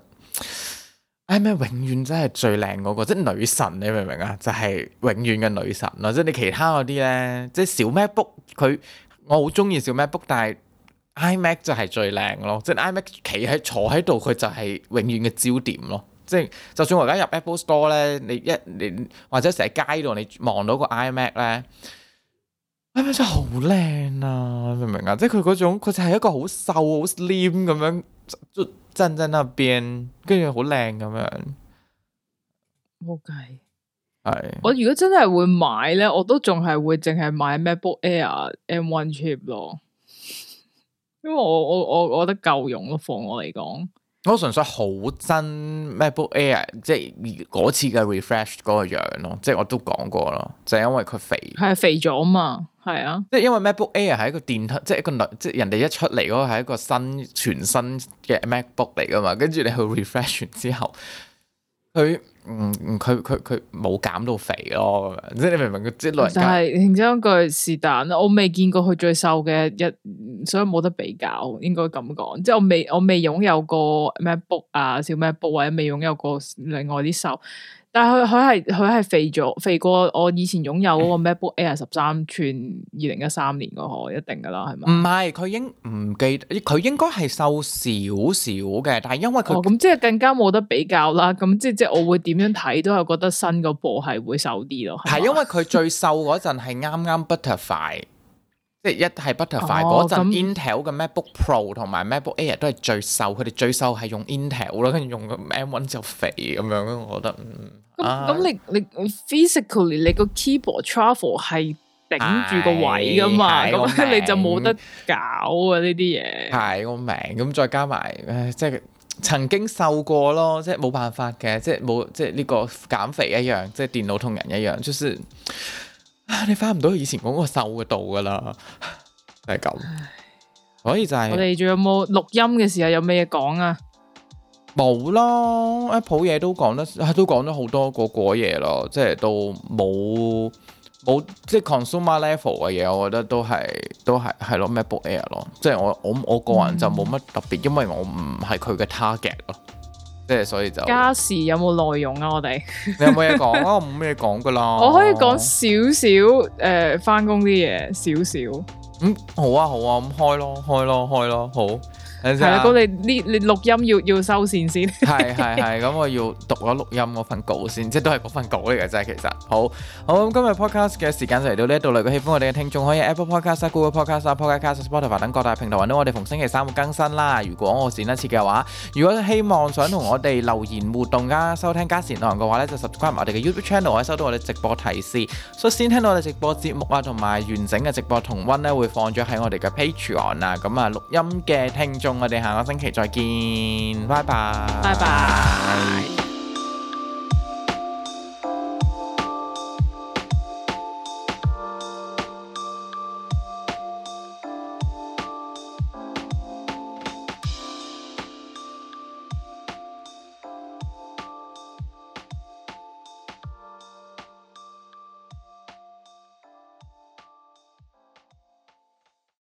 iMac 永遠真係最靚嗰個，即係女神你明唔明啊？就係永遠嘅女神咯，即係你其他嗰啲咧，即係小 MacBook 佢我好中意小 MacBook，但係。iMac 就係最靚咯，即係 iMac 企喺坐喺度佢就係永遠嘅焦點咯，即係就算我而家入 Apple Store 咧，你一你或者成日街度你望到個 iMac 咧，iMac 真係好靚啊，你明唔明啊？即係佢嗰種佢就係一個好瘦好 Slim 咁樣，就站在那邊跟住好靚咁樣。冇計 Okay. 是，係我如果真係會買咧，我都仲係會淨係買 MacBook Air M1 chip 咯。因為我我我我覺得夠用咯，放我嚟講，我純粹好憎 MacBook Air，即係嗰次嘅 refresh 嗰個樣咯，即係我都講過咯，就係因為佢肥，係肥咗嘛，係 啊，即係因為 MacBook Air 係一個電，即係一個，即係人哋一出嚟嗰個係一個新全新嘅 MacBook 嚟噶嘛，跟住你去 refresh 完之後，佢嗯佢佢佢冇減到肥咯，即係你明唔明老人家？佢即係，但係認真句是但，我未見過佢最瘦嘅一。所以冇得比較，應該咁講。即係我未，我未擁有過 MacBook 啊，小 MacBook 或者未擁有過另外啲瘦。但係佢佢係佢係肥咗，肥過我以前擁有嗰個 MacBook Air 十三寸二零一三年嗰、嗰個，一定噶啦，係咪？唔係，佢應唔記得，佢應該係瘦少少嘅。但係因為佢咁，哦、即係更加冇得比較啦。咁即係即係，我會點樣睇都係覺得新個部係會瘦啲咯。係 因為佢最瘦嗰陣係啱啱 Butterfly。即係一係 Butterfly 嗰陣 Intel 嘅 MacBook Pro 同埋 MacBook Air 都係最瘦，佢哋最瘦係用 Intel 咯，跟住用 M1 就肥咁樣咯。我覺得嗯，咁咁那、啊、你你 physically 你個 keyboard travel 係頂住個位噶嘛，咁 你就冇得搞啊呢啲嘢。係我明，咁再加埋、呃，即係曾經瘦過咯，即係冇辦法嘅，即係冇即係呢個減肥一樣，即係電腦同人一樣，就是。啊、你翻唔到以前嗰個瘦嘅度噶啦，係 咁。唉所以就係、是、我哋仲有冇錄音嘅時候有咩嘢講啊？冇咯，Apple 嘢都講得、啊、都講咗好多嗰嗰嘢咯，即係都冇冇即係 consumer level 嘅嘢。我覺得都係都係係咯，MacBook Air 咯，即係我我我個人就冇乜特別，嗯、因為我唔係佢嘅 target 咯。即係所以就家時有冇內容啊？我哋你有冇嘢講啊？冇咩講㗎喇，我可以講少少誒返工啲嘢少少。呃、少少嗯，好啊好啊，咁開咯開咯開咯，開咯，好。係啦，咁你呢？你錄音要要收線先。係係係，咁我要讀咗錄音嗰份稿先，即係都係嗰份稿嚟嘅啫。其實，好，好咁今日 podcast 嘅時間就嚟到呢一度啦。咁喜歡我哋嘅聽眾可以 Apple Podcast 啊、Google Podcast 啊、Podcast Spotify 等各大平台揾到我哋。逢星期三會更新啦。如果我是呢設嘅話，如果希望想同我哋留言互動啊、收聽加時內容嘅話咧，就 subscribe 我哋嘅 YouTube Channel 可以收到我哋直播提示。所以先聽到我哋直播節目啊，同埋完整嘅直播重溫咧，會放咗喺我哋嘅 Patreon 啊。咁啊，錄音嘅聽眾。我哋下個星期再見，拜拜，拜拜。